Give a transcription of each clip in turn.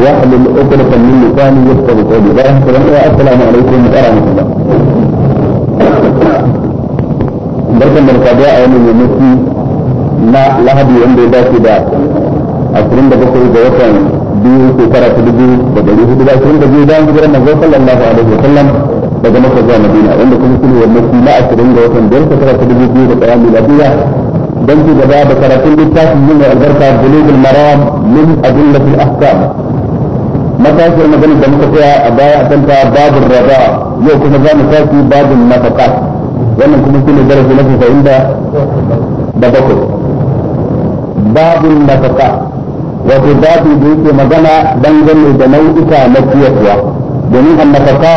واحد الأخرى من لسان يفتر قولي بارك السلام السلام عليكم ورحمة الله من القضاء ان يمسي ما لحد يوم دي باسي دا أسرين دا بكر جوكاً بيو سيطرة تدبي بدليه دا أسرين دا بيو دا مجرى مجرى صلى الله عليه وسلم بدا مكر جوى مدينة أين دا كل سنة يمسي ما أسرين جوكاً بيو سيطرة تدبي بيو بقيام ملابية بنتي جباب كرة تنبي تاسم من البركة بلوغ المرام من أدلة الأحكام matashiyar maganar da muka tsaya a baya a kanta babin raba yau kuma za mu tashi babin nafaka wannan kuma shi ne darasi na tasa'in da da bakwai babin nafaka wato babi da yake magana dangane da nau'uka na ciyarwa domin annafaka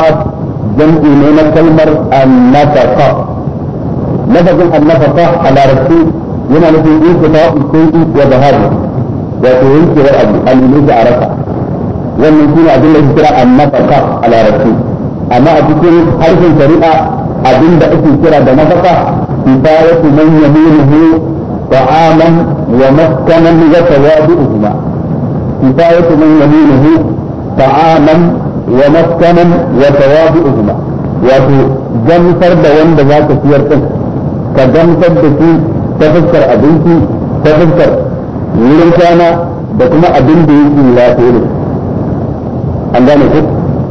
jam'i ne na kalmar annafaka lafazin annafaka a larabci yana nufin in fita in sai in wa zahabi wato yankewar abu alilai da araka wannan shine abin da kira annafaka a larabci amma a cikin harshen shari'a abin da ake kira da nafaka kifayatu man yaminuhu ta'aman wa maskanan wa tawadu'uhuma kifayatu man yaminuhu ta'aman wa maskanan wa tawadu'uhuma wato gamsar da wanda za ka siyar din ka gamsar da shi ta fuskar abinci ta fuskar wurin kwana da kuma abin da yake lafiya an gane ko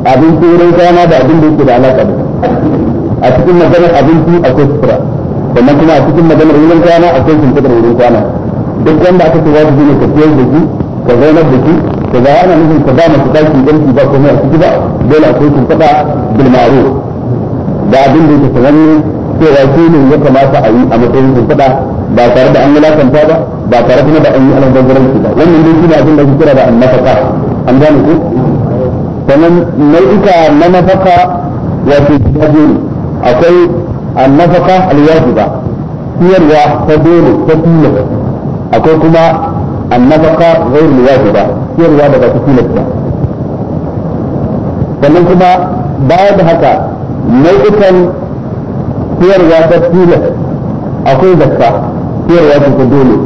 abin turai kana da abin da yake da alaka da a cikin maganar abinci akwai sutura sannan kuma a cikin maganar wurin kwana akwai shimfiɗar wurin kwana duk wanda aka ce wajibi ne ka ciyar da shi ka zaunar da shi ka ga ana nufin ka ba masu ɗaki ɗanki ba komai a ciki ba dole akwai shimfiɗa bil ma'ruf da abin da yake sananne cewa shi ne ya kamata a yi a matsayin shimfiɗa ba tare da an wulakanta ba ba tare kuma da an yi alhamdulillah ba wannan dai shi ne abin da ake kira da annafaka an gane ko sannan nau'ika na nafaka wato biyu akwai annafaka alwajiba siyarwa ta dole ta tilas akwai kuma annafaka ghairul wajiba siyarwa da ba ta tilas ba sannan kuma baya da haka nau'ikan siyarwa ta tilas akwai zakka siyarwa ta dole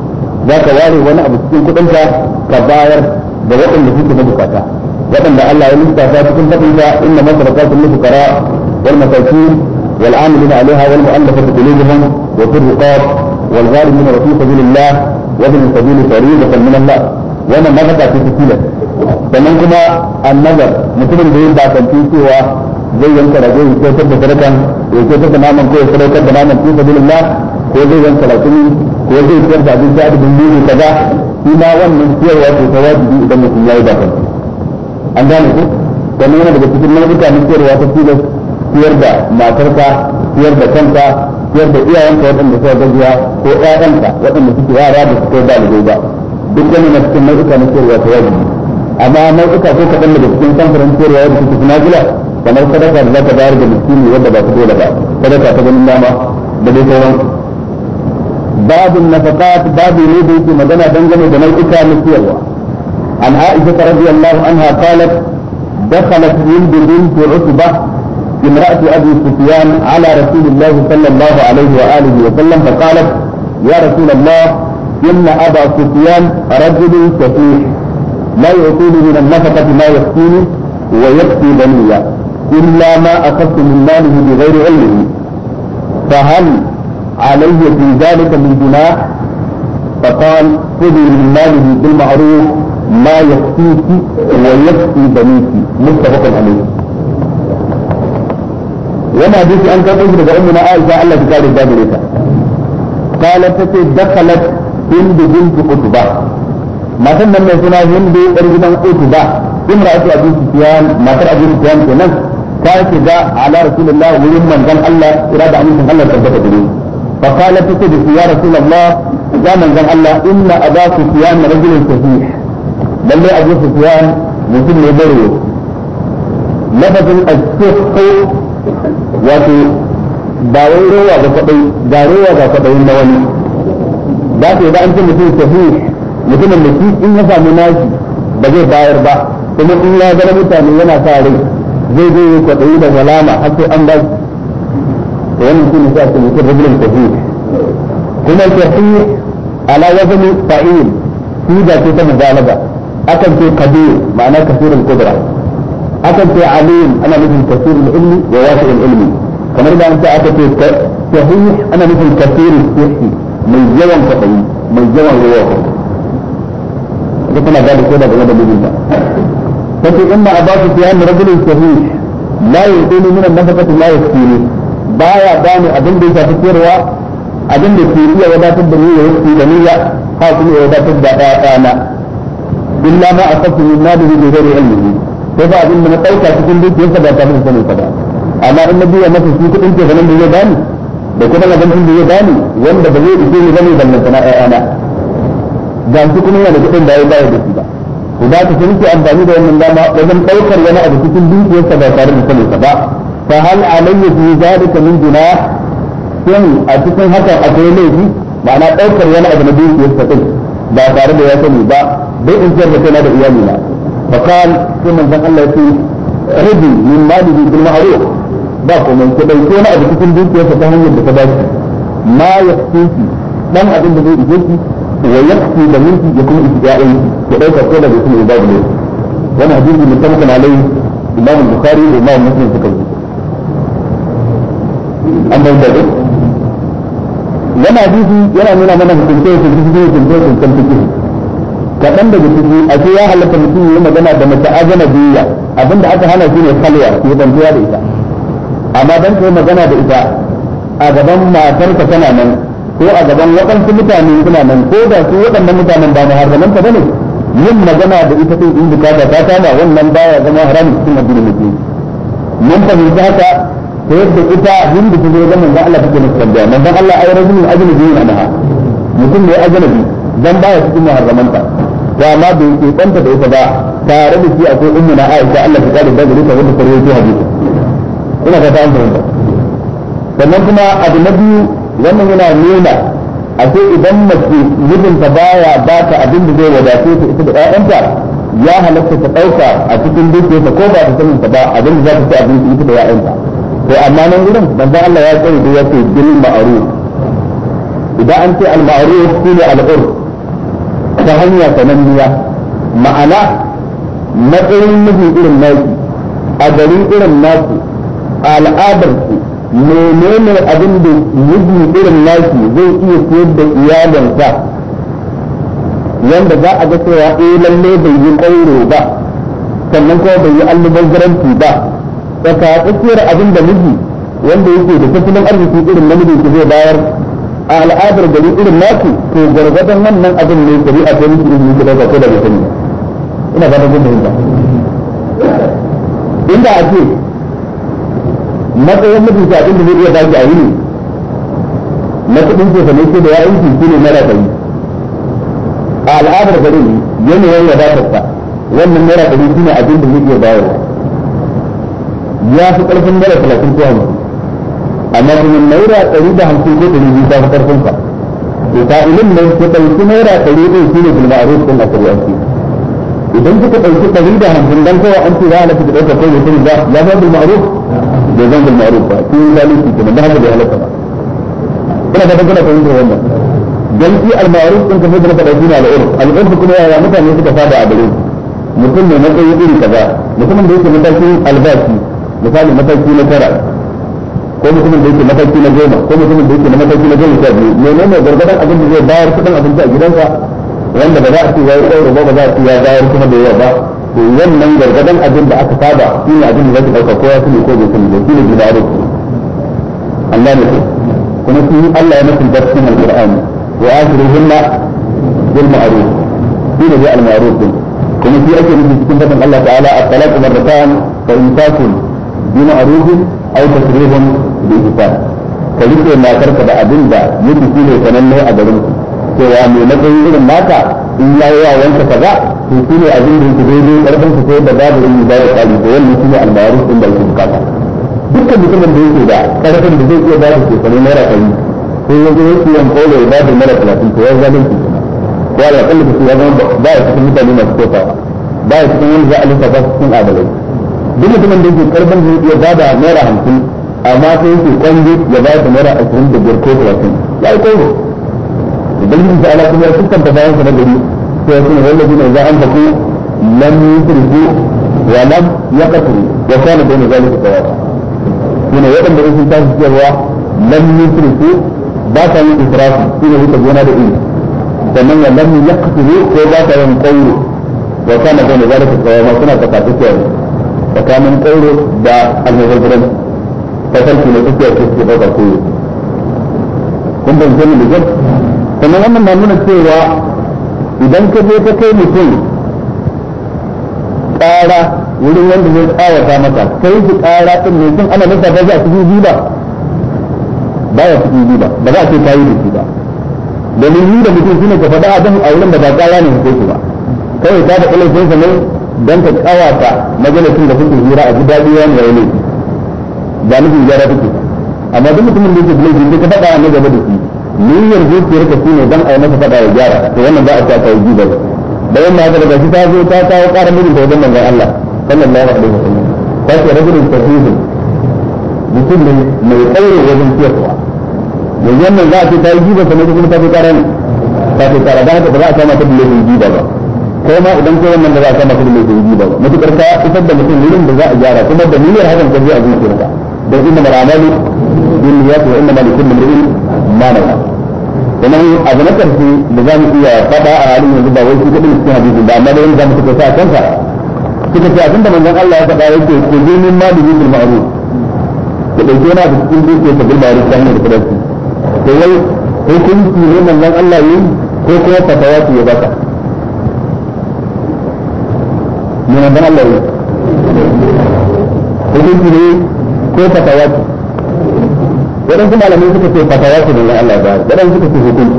za ka ware wani abu cikin kudinka ka bayar da waɗanda suke na bukata waɗanda Allah ya lissafa cikin fadinsa inna masarakatun lifukara wal masakin wal amilina alaiha wal mu'allafatu qulubuhum wa fil riqab wal gharimina wa fi sabilillah wa bil sabili fariidatan min Allah wannan nafaka ce ta tilas sannan kuma annazar mutumin da ya bakanci cewa zai yanka rago ya kyautar da sadakan ya kyautar da naman ko ya sadaukar da naman fi sabilillah ko zai yanka rakumi ko zai kyautar da abinci a cikin kaza shi ma wannan ciyarwa ce ta wajibi idan mutum ya yi bakanci an gane ku kuma yana daga cikin nau'uka na ciyarwa ta tilas ciyar da matarka ciyar da kanta ciyar da iyayenka waɗanda suka gajiya ko ƴaƴanka waɗanda suke yara da suka dalibai ba duk wannan na cikin nau'uka na ciyarwa ta wajibi amma nau'uka ko kaɗan daga cikin samfuran ciyarwa da suke gila kamar sadaka da ka bayar da miskini wanda ba su dole ba sadaka ta ganin dama da dai sauran babin nafaka babu ne da yake magana dangane da nau'uka na ciyarwa عن عائشة رضي الله عنها قالت دخلت هند بنت عتبة امرأة أبي سفيان على رسول الله صلى الله عليه وآله وسلم فقالت يا رسول الله إن أبا سفيان رجل شحيح لا يعطيني من النفقة ما يكفيني ويكفي بنيا إلا ما أخذت من ماله بغير علمه فهل علي في ذلك من جناح فقال خذي من ماله بالمعروف ما يكفيك ويكفي بنيك متفق عليه وما بيك أن تقول لك أمنا عائشة الله تكاد الدابرية قالت تتي دخلت هند بنت قطبة ما تنمى من سنة هند أرجنا قطبة امرأة أبي سفيان ما ترى أبي سفيان كنز كانت على رسول الله ويمن قال الله إرادة أن الله تبقى بنيك فقالت تتي يا رسول الله يا من قال الله إن أبا سفيان رجل صحيح lalle abu sufyan mutum ne bare lafazin ashiqu wato ba wai rowa ba kadai ga rowa ga kadai na wani da ka da an ce mutum sahih mutumin da shi in ya samu nashi ba zai bayar ba kuma in ya zama mutane yana sa rai zai zai yi kwaɗayi da walama har sai an ba su da wani mutum ya sai a ce mutum rajulun sahih kuma sahih ala wajen fa'il shi da ce ta mubalaga akan ce kabir ma'ana kasirul kudura akan ce alim ana nufin kasirul ilmi wa wasi'ul ilmi kamar da an ce aka ce sahih ana nufin kasirul sihhi mai yawan kwaɗayi mai yawan ruwa ita tana ba da koda game da mijinta kace inna abasu fi an rajulun sahih la yuqini min an-nafaqati la yaskini baya bani abin da ya shafi ciyarwa abin da ke iya wadatar da ni ya yi da niyya ha kuma ya wadatar da ɗaya ɗana illa ma asabtu min malihi bi ghairi ilmihi sai ba abin da na dauka cikin dukiyarsa ba tare da sanin sa ba amma in na biya masa shi kudin ke ganin da zai bani da kuma na ganin da zai bani wanda ba zai ishe ni bane ballan sana ayyana ga shi kuma yana da kudin da ya bayar da shi ba ku da ka sun amfani da wannan dama wajen daukar wani abu cikin dukiyarsa ba tare da sanin sa ba fa hal alayya fi zalika min junah shin a cikin haka akwai laifi ma'ana daukar wani abu na dukiyarsa din ba tare da ya sani ba bai in ciyar da kaina da iyali na فقال sai manzon Allah ya ce rabi min malihi bil ma'ruf ba komai ko dai wani abu cikin dukiyarsa ta hanyar da ta ba shi ma yaqtiki dan abin da zai ije ki wa yaqti da minki ya kuma ijtiya'in ki dauka ko da mutum ya babu ne wannan hadisi mutafakan alaihi imam bukhari da imam muslim suka yi an bai da wannan hadisi yana nuna mana hukunce hukunce hukunce hukunce hukunce kaɗan daga ciki a ce ya halatta mutum yi magana da mace azana biyya abinda aka hana shi ne kalwa ke bantuwa da ita amma dan kai magana da ita a gaban matarka tana nan ko a gaban waɗansu mutane suna nan ko da su waɗannan mutanen ba muharraman ta bane yin magana da ita din in bukata ta kama wannan baya zama haramun cikin addinin musulmi mun fahimci haka ta yadda ita hindu ta zo ga manzon Allah take masa tambaya manzon Allah ai rajulun ajnabiyyun anha mutum ne ajnabi dan baya cikin muharramanta ba ma bai ke banta da ita ba tare da shi akwai ummu na Aisha Allah ta kare da gari ta wanda kare yake hadisi ina ta amfani da sannan kuma abu na biyu wannan yana nuna a sai idan mace mijinta baya ba ta abin da zai wadace ta ita da ƴaƴanta ya halatta ta ɗauka a cikin dukiyarta ko ba ta sanin ta ba abin da za ta ci abinci ita da ƴaƴanta to amma nan gurin manzon Allah ya tsare da yake bil ma'ruf idan an ce al ma'ruf shine al ta hanya sananniya ma'ana matsayin miji irin naki a garin irin naki a menene abin da miji irin naki zai iya siyar da iyalinsa wanda za a ga cewa eh lalle bai yi ƙauro ba sannan kuma bai yi garanti ba tsaka tsakiyar abin da miji wanda yake da tattalin arziki irin namiji ke zai bayar a al'adar gari irin naku to gargadan wannan abin ne gari a gari ki izini ki dauka ko da bai sani ina ba da gudun ba inda a ce matsayin mutum abin inda zai iya ba a yini na kudin ce sane ce da ya aiki shi ne mara dari a al'adar gari ne yanayin ya wadatarsa wannan mara dari shi ne abin da zai iya bayarwa ya fi karfin mara talatin ko hamsin amma kuma naira ɗari da hamsin ko ɗari biyu ta to ilin ne ka ɗauki naira ɗari ɗin shi ne bilma a rufin a idan kuka ɗauki ɗari da hamsin dan kawai an ce za a lafi da ɗaukar kai da ba ya zama bilma a ruf da zan bilma a ruf ba shi ne zalunci kenan da haka bai halatta ba ina fatan kana fahimtar wannan dan shi al-ma'ruf din kamar da faɗa shine al-urf al-urf kuma yaya mutane suka saba a gare mutum ne matsayi iri kaza mutumin da yake matakin albashi misali mataki na tara ko mutumin da yake mataki na goma ko mutumin da yake na mataki na goma sha biyu menene gargadan abin da zai bayar kudin abinci a gidansa wanda ba za a ce ya yi tsauro ba ba za a ce ya bayar kuma da yawa ba to wannan gargadan abin da aka saba shi ne abin da zai dauka ko ya sani ko bai sani ba shi ne gidaro Allah ne kuma shi Allah ya mutu da cikin alqur'ani wa akhiruhunna bil ma'ruf shi ne al ma'ruf din kuma shi ake nufi cikin fadin Allah ta'ala at-talaqu marratan fa in takun bi ma'rufin ai tasrihun bi ihsan ka rike matarka da abin da yake shine sananne a garin cewa mai matsayin irin naka in ya yi wanka kaza to shi abin da yake daidai karfin ka sai da babu irin da ya kari da wannan shine almaruf din da yake bukata dukkan mutumin da yake da karfin da zai iya ba da shekaru naira ɗari ko ya zo yake yan kola ya ba da naira talatin to ya zalunci ko ala kalli ya ba ya mutane masu kofa ba ya cikin za a ba cikin adalai duk mutumin da yake karfin zai iya bada naira hamsin amma sai yake kwange ya ba ta naira ashirin da biyar ko talatin ya yi kwange idan yin sa'ala kuma ya sukkanta bayan sa na gari sai ya suna wallafi ne za an faku lam yusrifu wa lam yaqturu wa kana bayna zalika qawama shine waɗanda sun tashi cewa lam yusrifu ba sa yin israfi shine wuce gona da ilimi sannan wa lam yaqturu ko ba sa yin qawlu wa kana bayna zalika qawama suna tsakatsaki tsakanin kauro da almubazzaran tafarki na tafiya ce suke ɗauka koyo kun ban sani da kyau sannan wannan na nuna cewa idan ka je ka kai mutum ƙara wurin wanda zai tsawata maka kai shi ƙara ɗin ne sun ana nasa ba za a cikin riba ba ya cikin riba ba za a ce ta yi shi ba domin yi da mutum ne ka faɗa a wurin da ba ƙara ne hukunci ba kawai ta da ƙalin sun ne. don ka kawata majalisun da suke hira a gida daɗi wani ya yi ba nufin gyara kuke amma duk mutumin da yake bulu laifi ka faɗa na gaba da shi niyyar zuciyar ka shine dan a yi masa faɗa ya gyara to wannan ba a ta kawo jiba ba bayan ma haka daga shi ta zo ta kawo ƙarar mijin ta wajen manzan Allah sallallahu alaihi wa sallam ta ce rajulun mutum ne mai wajen ciyarwa yanzu wannan za a ce ta yi sannan kuma ta fi ƙara ne ta fi ƙara da haka ba za a kama ta ba kai ma idan ko wannan da za ka maka da zuri ba mutukar ka isar da mutum wurin da za a gyara kuma da niyyar hakan ka je a zuciyarka dan inna mal'amalu bin niyyat wa inna malikulli imrin ma nawa kuma a na karshe da za mu iya fada a halin yanzu ba wai shi kadin cikin hadisi ba amma da wani za mu tuka sa kansa suka ce abinda manzon Allah ya faɗa yake ko je min ma bi bil ma'ruf ku dauke na da cikin dukiyar ta bil ma'ruf dan da kudanci to wai hukunci ne manzon Allah yi ko kuma fatawa ce ya baka من عند ko hukunci ne ko fatawa ce waɗansu suka ce fatawa ne daga Allah ba waɗansu suka ce hukunci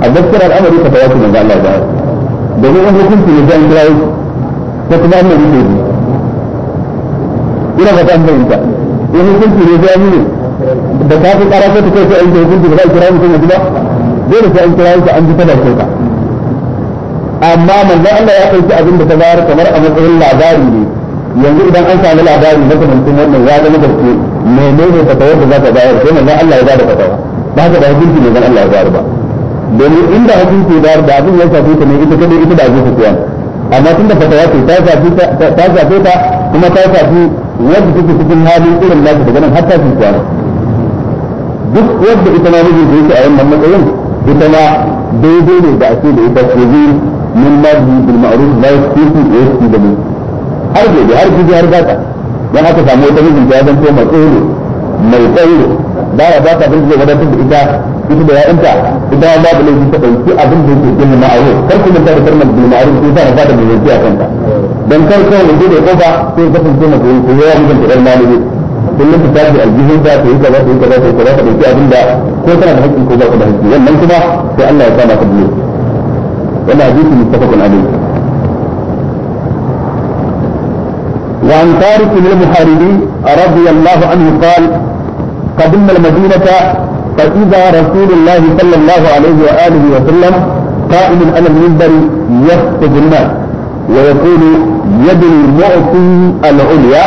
a gaskiyar al'amari fatawa ne daga Allah ba domin in hukunci ne zan kira ko kuma an ta ne ina ba ta an in hukunci ne zan ne da ta fi ƙara ta kai sai an kira hukunci ba za a kira mutum ba dole sai an kira yau an ji ta da amma manzo Allah ya kai abin da ta bayar kamar a matsayin labari ne yanzu idan an samu labari na kamancin wannan ya zama gaske menene fatawar da za ta bayar sai manzo Allah ya bada fatawa ba ka da hukunci ne dan Allah ya bayar ba domin inda hukunci ya bayar da abin ya shafi ta ne ita kadai ita da abin ta amma tunda fatawa ce ta shafi ta shafi ta kuma ta shafi wanda take cikin halin irin lafi daga nan har ta shi duk wanda ita ma mijin da yake a wannan matsayin ita ma daidai ne da ake da ita ko min madhi bil ma'ruf la yasfiku wa yasfi da mu har gobe har gobe har bata dan aka samu wata mijin ta a koma tsoro mai tsoro ba a bata bin zai wadatar da ita ita da ya'yanta ita a babu laifi ta dauki abin da yake bil ma'ruf kar ku manta da kalmar bil ma'ruf sai ta fata da laifi a kanta dan kar kawai mu da kofa sai ka san kuma ko yawa mijin ta dan a kullum ta tafi aljihun ta ta yi kaza ta yi kaza ta yi kaza ta dauki abin da ko tana da hakkin ko ba ta da hakki wannan kuma sai Allah ya sa maka biyu ولا حديث متفق عليه وعن طارق بن المحاربي رضي الله عنه قال قدمنا المدينة فإذا رسول الله صلى الله عليه وآله وسلم قائم على المنبر يخطب الناس ويقول يد المعطي العليا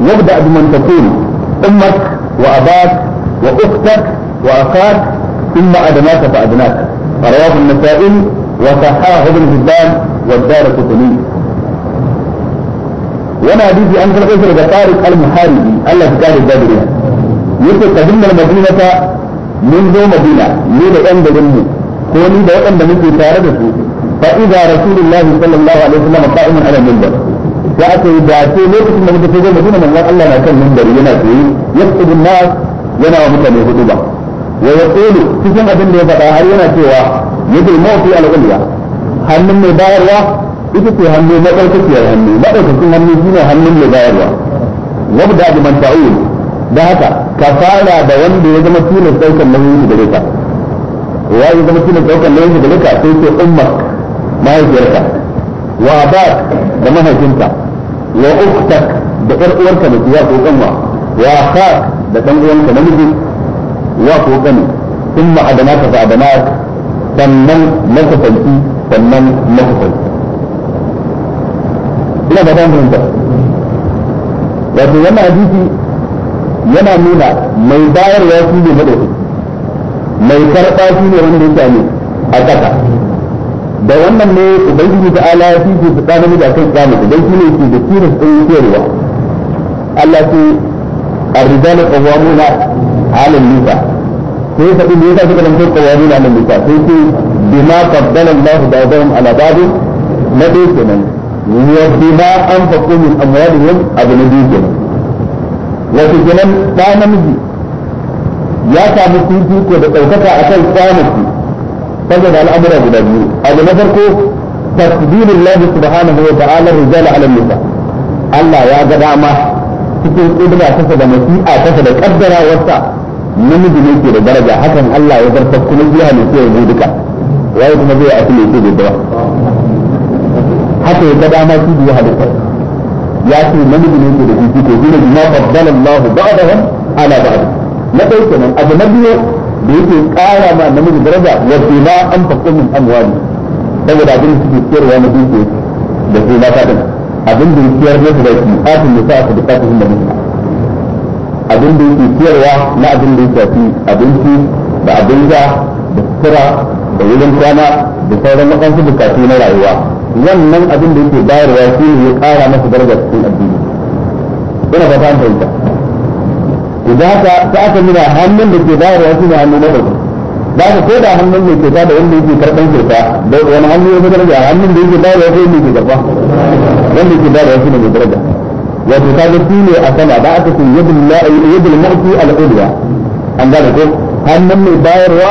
يبدأ بمن تكون أمك وأباك وأختك وأخاك ثم أدناك فأدناك رواه النسائي وصححه ابن حبان والدار قطني وانا حديثي ان كان اسر طارق المحاربي الله تعالى الجابري يقول قدمنا المدينة منذ مدينة ليلة عند جنبي كوني دا وقت من تارة فإذا رسول الله صلى الله عليه وسلم قائم على المنبر فأتي بأتي لوكس من تفجر مدينة من الله ما كان منبر ينادي يقصد الناس yana wa mutane hudu ba wa ya tsoro cikin abin da ya faɗa har yana cewa yadul mawfi al-ulya hannun mai bayarwa ita ce hannu madaukakiyar hannu madaukakin hannu shine hannun mai bayarwa wabda bi man ta'ul da haka ka fara da wanda ya zama tilas daukan nauyin shi gare ka wa ya zama tilas daukan nauyin shi gare ka sai ce ummak mahaifiyarka wa abak da mahaifinka wa uktak da ƴar uwarka da ya ko kanwa wa kha da dan uwanka namiji wa ko kani ثم عدناك فعدناك sannan makusanci sannan makusanci ina ba ta fahimta wato wannan hadisi yana nuna mai bayarwa shi ne madaukaki mai karɓa shi ne wanda ya ne a ƙasa da wannan ne ubangiji ta ala ya fifi su tsana mu da kan kyamu idan shi ne ke da tilas ɗin cewa Allah ce الرجال قوامون على النساء sai ya faɗi me yasa suka zanto kawani na lissa sai ce bima faddala Allah ba'dahum ala ba'd na dai kenan wa bima anfaqu min amwalihim abu na biyu kenan wato kenan ɗa namiji ya samu fifiko da ɗaukaka akan kwanaki saboda al'amura guda biyu abu na farko تقدير الله سبحانه وتعالى الرجال على النساء الله يا جدع ما cikin kudura ta da masi'a ta da kaddara wasa namiji ne ke da daraja hakan Allah ya zarta kuma jiya ne sai ya duka yayi kuma zai a asali yake da dawa haka ya ga dama su biyu halitta ya ce namiji ne ke da jiki ko gina bima faddala Allah ba'dahum ala ba ba'd na dai kenan abu na biyu da yake kara ma namiji daraja wa na an fakumin amwali saboda abin da suke ciyarwa wani dukiya da su mata din abin da ya ciyar ne da su atin nisa su da kafin da mutum abin da yake ciyarwa na abin da yake shafi abinci da abin da da sutura da wurin kwana da sauran da bukatu na rayuwa wannan abin da yake bayarwa shi ne ya kara masa daraja cikin addini ina ba an fahimta idan haka ta aka nuna hannun da ke bayarwa shi ne hannu na ɗauki za ka koda hannun mai kyauta da wanda yake karɓar kyauta da wani hannu ya fi daraja hannun da yake bayarwa shi ne ke karɓa wanda yake bayarwa shi ne mai daraja wato kaga su ne a sama da aka ce yadul ma'ti al-udwa an gane ko hannun mai bayarwa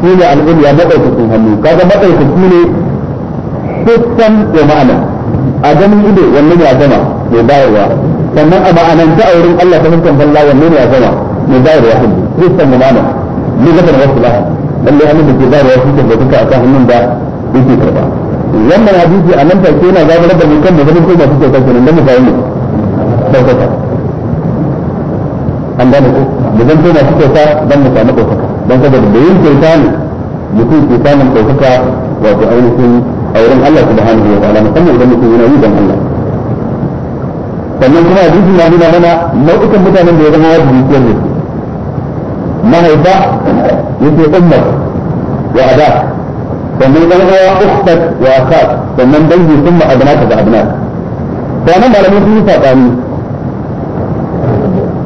shi ne al-udwa hannu kaga madaukaki ne hukkan da ma'ana a ganin ido wannan ya sama mai bayarwa sannan a ma'anan ta auren Allah ta hukkan balla wannan ya sama mai bayarwa hannu hukkan da ma'ana ni ga da wasu laha lalle hannun da ke bayarwa shi ke da duka akan hannun da yake karba wannan hadisi a nan take yana zaburar da mutum da ganin ko masu kyauta kenan da mutane ne ɗaukaka an gane ko da zan tona su kyauta don mu samu ɗaukaka don saboda da yin kyauta ne mutum ke samun ɗaukaka wato ainihin a wurin Allah subhanahu wa ta'ala musamman idan mutum yana yi don Allah sannan kuma a jikin na mana nau'ikan mutanen da ya zama wajibi kiyar da su mahaifa yake ummar wa ada sannan ɗan uwa ukhtat wa akhat sannan dangi sun ma'abnata da abnat sanan malamai sun yi saɓani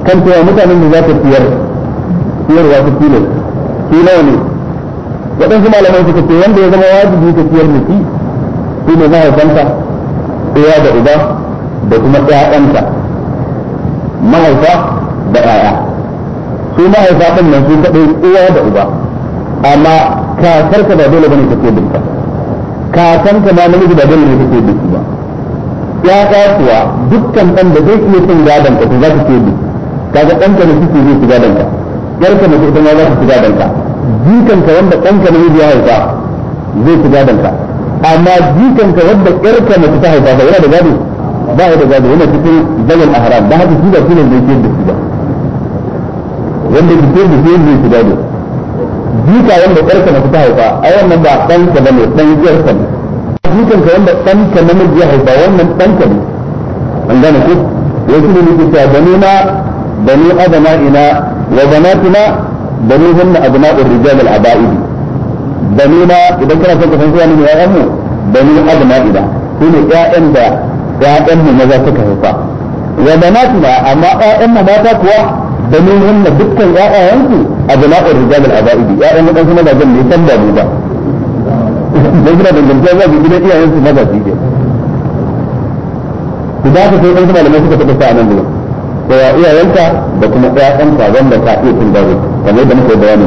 kan cewa mutanen da za ta fiyar siyarwa ta kilo su nawa ne waɗansu malaman suka ce wanda ya zama wajibi ka fiyar da shi su ne mahaifanta ɗaya da uba da kuma ɗaya'yanta mahaifa da ɗaya su mahaifa ɗin nan su kaɗai uwa da uba amma kakarka ba dole bane ta siyar dinka kakanka ba namiji ba dole ne ka siyar dinka ba ya kuwa dukkan ɗan da zai iya cin gadon ka za ka siyar dinka kaga ɗanka na suke zai shiga danka yarka mace ita ma za ta shiga danka jikanka wanda ɗanka na zai haifa zai shiga danka amma jikanka wanda yarka mace ta haifa ba yana da gado ba yana da gado yana cikin zagal ahram da haka shi da sunan zai ke da shi ba wanda ke da shi zai shiga da jika wanda yarka mace ta haifa a wannan ba ɗanka bane ɗan yarka ne jikanka wanda ɗanka namiji ya haifa wannan ɗanka ne an gane ko wasu ne ne ke cewa da ma بني أبنائنا وبناتنا بني هن أبناء الرجال العبائد بنينا إذا كنا سنتفهم فنسوا من يأمه بني أبنائنا هنا يأم دا يأم ماذا سكهفا وبناتنا أما يأم ما كوا بني هن دكا يأم أبناء الرجال العبائد يأم ماذا سنبا جمعي سنبا بوضا dan suna dangantuwa za su gina iyayensu mazaji ne. Ku da ka sai ɗan suna da mai suka taɓa sa a nan gudu. kowa iyayenka da kuma ƴaƴanka wanda ta iya cin gado kamar da muka yi bayani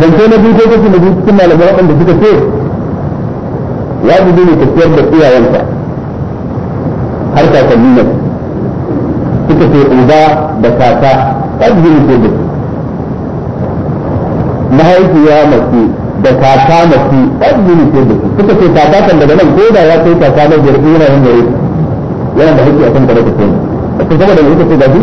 zance na biyu ko kashi na biyu cikin malamai waɗanda suka ce wajibi ne ka ciyar da iyayenka har kakanni ne suka ce uba da kaka wajibi ne ke da su mahaifiya mace da kaka mace ɗan yini ce da su suka ce kaka kan daga nan ko da ya kai kaka na biyar ina yin gare yana da hakki akan kare kake ne to saboda me da gaji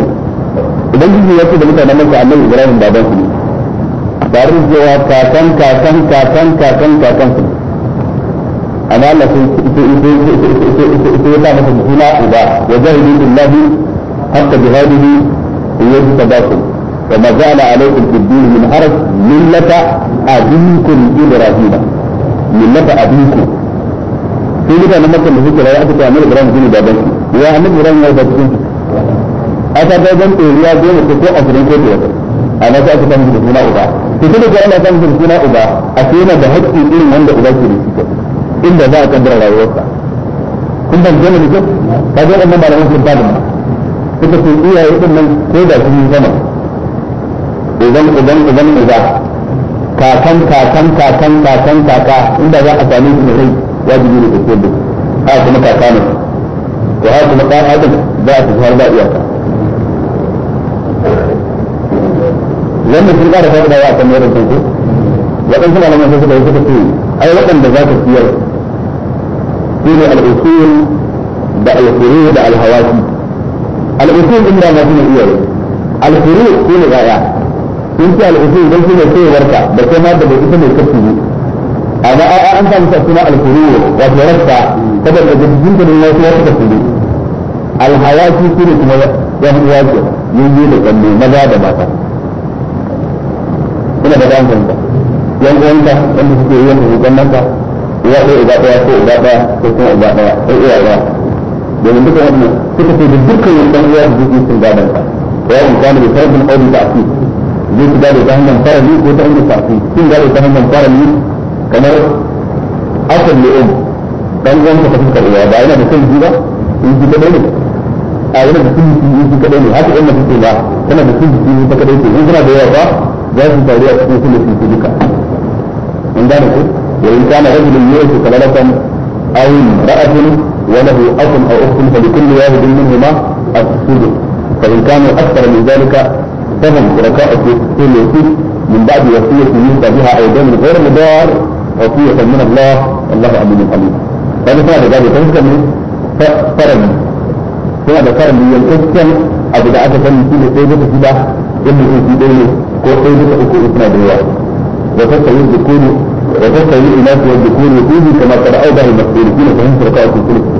idan kike yace da mutanen maka annabi Ibrahim baban su bari cewa kakan kakan kakan kakan kakan su amma Allah sai sai sai sai sai masa suna uba wa jahidu billahi hatta jihadihi yajib tabaku وما جعل عليكم في الدين من حرج ملة أبيكم إبراهيم ملة أبيكم ko mutanen makka da suke rayu aka ce annabi ibrahim shine baban shi ya amir ibrahim ya ba cikin aka ga ban ɗoriya goma ko a gurin ko wata na sai aka samu da suna uba to kuma ga Allah samu da suna uba a ce yana da haƙƙi irin wanda uba ke da shi inda za a kaddara rayuwarsa kun ban gane da kyau ka ga wannan malaman sun ba da ma suka ce iyaye din nan ko da sun yi zama idan uban uban uba kakan kakan kakan kakan kaka inda za a sami su rai wajibi ne da ke duk a kuma kaka ko a kuma kaka duk ba a tafi har ba iyaka wannan sun ƙara fara dawa a kan yaran kanku waɗansu malaman sai suka yi suka ce ai waɗanda za ka siyar su ne al'usul da al'furu da alhawaki al'usul da ma su ne iyaye al'furu su ne ƙaya sun ce al'usul don su ne sai warka da kuma da bai ita mai kasu amma an samu sa suna alkuru wato rasta saboda da jinkarin wasu wasu ka kuru alhawaki su ne kuma yan uwa ke yanzu da kallo maza da mata ina da dan fahimta yan uwanka wanda suke yi yanka hukun nan ka uwa ɗaya uba ɗaya ko uba ɗaya ko kuma uba ɗaya ko uwa ɗaya domin duka wannan suka ce dukkan yankan uwa da zuci sun gaban ka ya yi kwanu da sarfin auri ta fi zai su gado ta hanyar fara ko ta hanyar ta fi sun gado ta hanyar fara kamar asal li'um dan uwan ka fuskar uwa ba yana da kan ji ba in ji kadai ne a yana da sun ji in ji kadai ne haka in mace ce ba tana da sun ji in ji kadai ce in kana da yawa ba za su taru a cikin kullu su duka in gane ku wa in kana rajulun yusu kalalatan aw ra'atun wa lahu akhun aw ukhtun fa likulli wahidin minhuma as-sudus fa in kanu akthara min dhalika فهم شركاء في التوكيل من بعد وصية يوصى بها أيضا غير مضار عطية من الله والله عليم حليم فهذا فعل ذلك فهمتني فرم هنا ده فرم هي الاسم ابو ده افهم كل شيء ده كده في دينه كو شيء ده كو اسمه بالواحد وتستوي الذكور وتستوي الاناث والذكور وتوجد كما ترى اوضح المسؤولين في كل الكل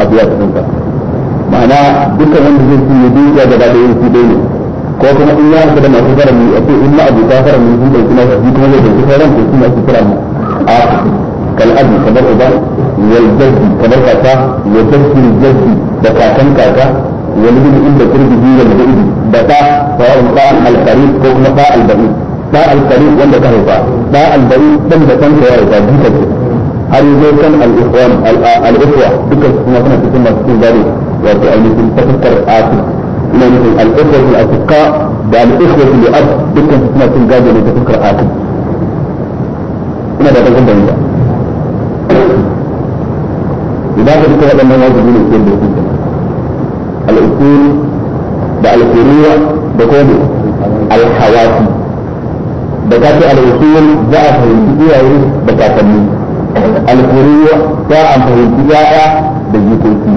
abuwa da kanka ma'ana duka wanda zai fi yadu ya gaba da yin fiɗe ne ko kuma in ya haka da masu fara mu a ce in ma abu ta fara mu zuɗa su na shafi kuma zai zai fara mu su su fara mu a kal'adu kamar uba wal jarki kamar kaka wal jarki jarki da kakan kaka wal gudu inda kurbi biyu da zai yi da ta fara mu ɗa alfari ko kuma ɗa albari ɗa alfari wanda ta haifa ɗa albari ɗan da kanka ya haifa duka har yanzu kan al-ikhwan al-ikhwa duka kuma suna cikin masu cikin zari wato ainihin tafakkar asu ina nufin al-ikhwa fil asqa da al-ikhwa fil ab dukkan suna cikin gado ne tafakkar asu ina da kan bayani idan ka duka waɗannan wajibi ne cikin da yake al-usul da al-furuwa da kuma al-hawati da kace al-usul za a fahimci iyaye da kakanni alkuriya ta an fahimci ya'ya da jikoki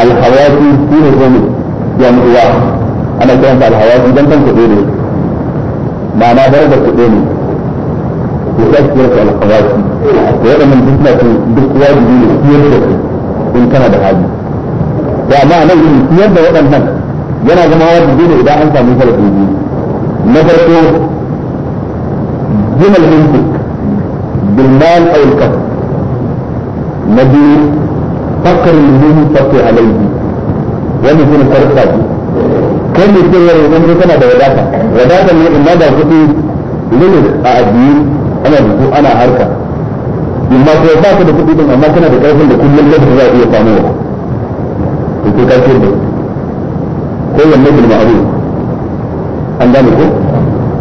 alhawati shi ne kome jam'uwa ana kiransa alhawati don kan kuɗe ne ma'ana bar da kuɗe ne ya sa kiyar su alhawati da waɗannan duk na su duk wajibi ne kiyar da su in kana da hali da amma nan yin da waɗannan yana zama wajibi idan an samu sarrafi biyu na farko jimal hinsu بالمال او الكفر الذي فقر منه تقي عليه يعني يكون الفرق ثابت كل يصير يعني يكون انا بغداد بغداد وداتا وداتا من ما ده كتير لمس اعديل انا بكو انا عارفه لما توفاك ده كتير اما كنا بكيفن ده كل اللي بكتير يطانوه يكون كتير ده كل اللي بالمعروف عندما يقول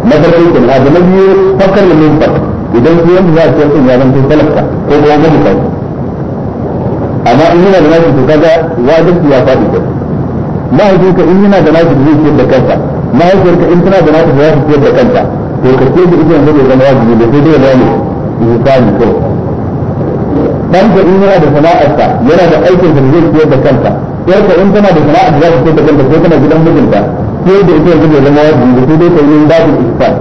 مثلا يمكن هذا الذي فقر منه فقر idan su yanzu za a sun ya zanto talaka ko kuma gani kai amma in yana da nashi to kaga wajibi ya faɗi kai mahaifinka in yana da nashi zai ciyar da kanta mahaifinka in tana da nashi za ta ciyar da kanta to ka ce da ita yanzu bai zama wajibi da sai dai in sa ni ko dan ka in yana da ka yana da aikin da zai ciyar da kanta ka in tana da sana'ar da za ta ciyar da kanta ko tana gidan mijinta ko da ita yanzu bai zama wajibi da sai dai ka yi babin ihsan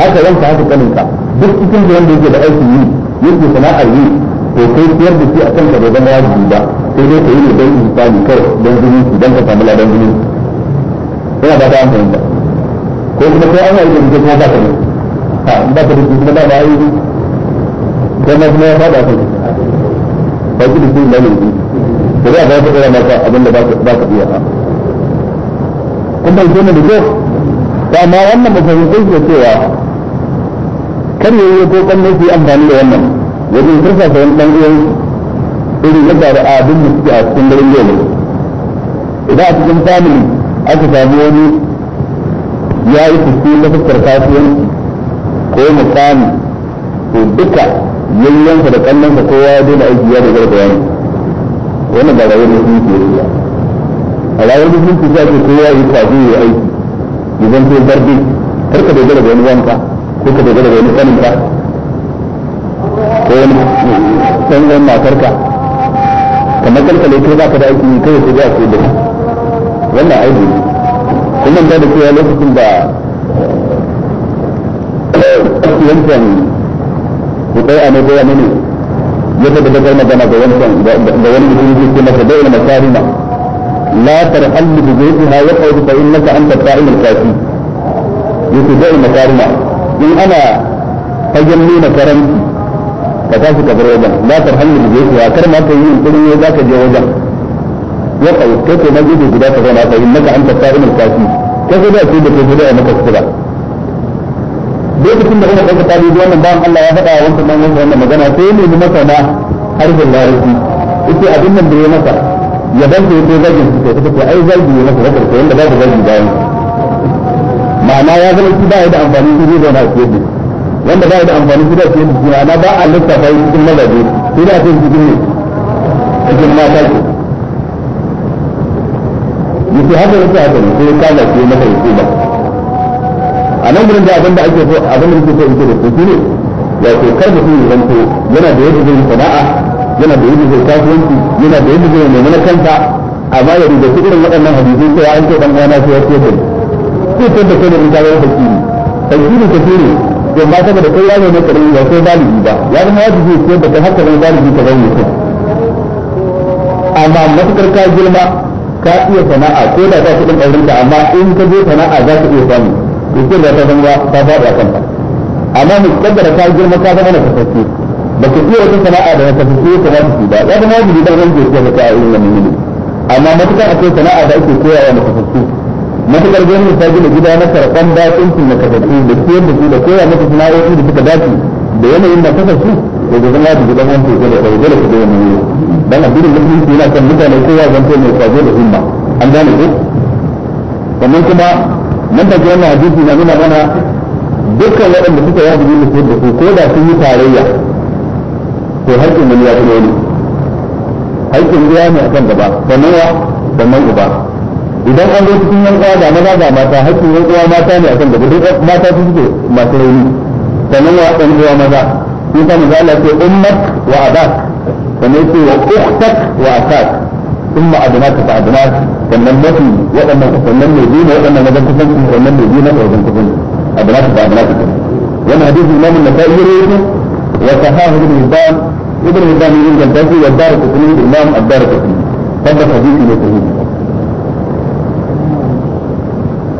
haka yanka haka kaninka duk cikin da wanda yake da aikin yi yake sana'ar yi to kai siyar da shi a kanka bai zama wajibi ba sai dai ka yi ne don insani kawai don zumunci don ka samu ladan zumunci yana ba ta an fahimta ko kuma sai an yi da mutum kuma ba ka ne ha ba ka da shi kuma ba ba yi kuma kuma ya faɗa kan ba ki da shi ba ne da za ka yi maka abin da ba ka iya kuma ita ne da kyau amma wannan mutum sai cewa kar ya yi ko kallon su yi amfani da wannan wajen turfa sa wani dan uwan irin yadda da abin da suke a cikin garin yau idan a cikin family aka samu wani ya yi fuski ta kasuwanci ko mukami to duka yayyansa da kallonsa kowa ya daina aiki ya da wani wannan ba rayuwar musulunci ya a rayuwar musulunci ta ce kowa ya yi kaji ya aiki ya zanto zarbi karka dogara da wani wanka ko ka dogara da wani sanin ka ko wani san wani matar ka kamar kalkale ko za ka da aiki kawai ko za ka da wannan aiki kuma da cewa lokacin da wancan hukai a mai goya mini ya ta da bakar magana da wancan da wani mutum ke ce masa da'il masarima la tarhallu bi zaytiha wa qawdu fa innaka anta ta'imul kafi yake da'il masarima in ana fagen nuna karen ka tashi ka bar wajen za ka hannu da jefi a kar ma ka yi yunkurin ne za ka je wajen ya kai kai ko na gefe guda ka zama ka yi maka an tattara ilin kafi kai ko da su da ke gudu a maka sutura lokacin da kuma ɗauka biyu wannan bayan Allah ya faɗa wancan nan wannan magana sai ya nemi masana harfin larabci ita abin nan da ya masa ya ban ko zagin su ta ta ai zagi ya masa rakar ko yanda babu zagi bayan ma'ana ya zama shi ba da amfani shi zai zauna ke da wanda ba da amfani shi da ke da ma'ana ba a lissafa yi cikin mazaje shi a cikin cikin ne cikin mata ke yake haka yake haka ne sai ka da ke masa ce ba a nan gudun da abin da ake so abin da yake so yake da shi ne ya ce kar su yi zanto yana da yadda zai sana'a yana da yadda zai kasuwanci yana da yadda zai nemi na kanta amma ya su irin waɗannan hadisai sai an ce dan uwana sai ya ce zai ce da kai ne in kawo fakiri fakiri ka ce ne don ba saboda kai ya ne kare ya sai baligi ba ya zama wajibi ce da kai haka zai baligi ka zai ce amma matukar ka girma ka iya sana'a ko da ka kudin auren ka amma in ka je sana'a za ka iya samu to ce da ta zama ta faɗi a kanta amma mu kaddara ka girma ka zama na kasance ba ka iya wata sana'a da na kasance ka za su ba ya zama wajibi da zan je ka ka a irin wannan amma matukar akwai sana'a da ake koyawa na kasance matuƙar gwamnati ta gina gida na karɓan bakuncin na karɓaɓɓu da siyar da su da koya suna sana'o'i da suka dace da yanayin da kasa su da zai zama da gida wanda ya da dole ku da wani dan da musulunci yana kan mutane kowa zanto mai kwazo da himma an gane ko sannan kuma nan da wannan hadisi na nuna mana dukkan waɗanda suka yi hadisi su da su ko da sun yi tarayya to haƙƙin wani ya fi wani haƙƙin ruwa ne akan gaba sannan wa sannan uba idan an zo cikin yan uwa maza ga mata hakkin yan uwa mata ne akan gaba duk mata su suke masu rauni sannan wa ɗan uwa maza sun samu za Allah ce ummat wa abak sannan ce wa uktak wa akak ثم أدناك فأدناك sannan mafi waɗannan sannan mai biyu na waɗannan wajen kusanci sannan mai biyu na wajen kusanci أدناك فأدناك wannan hadisi Imam An-Nasa'i ya rawaito wa sahahu Ibn Hibban Ibn Hibban ya inganta wa Dar Qutni Imam Ad-Dar tabbata hadisi ne sahihi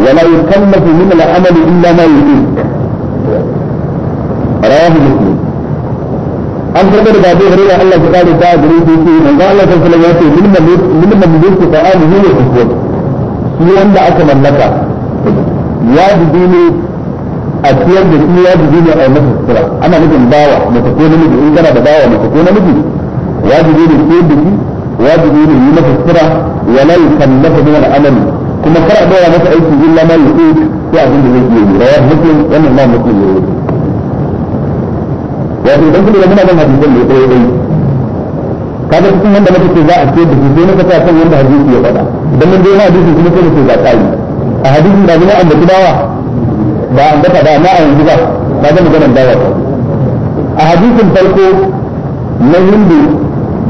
ولا يكلف من العمل الا ما يريد رواه مسلم أن تقول بعد غريبة الله تعالى تعالى غريبة في من قال الله صلى الله عليه وسلم من من من يدرك القرآن هو الحكم في عند أكم النكا ياد ديني أكيد بسم ياد ديني أو مثل السرعه. أنا مثل باوة متكون مجي انا جرى ما متكون مجي يا ديني أكيد بسم ياد ديني يمثل السرعه ولا يكلف من العمل kuma kar a dora masa aiki illa ma yusu ko abin da zai yi rawar muslim wannan ma muslim ne wato idan kuma muna a hadisan ne dai dai kaga cikin wanda muka ce za a ce da shi sai muka ta san wanda hadisi ya faɗa dan mun dai hadisi kuma sai muka ga kai a hadisin da mun ambaci dawa ba an dafa ba na a yanzu ba ba da maganar dawa a hadisin farko na hindu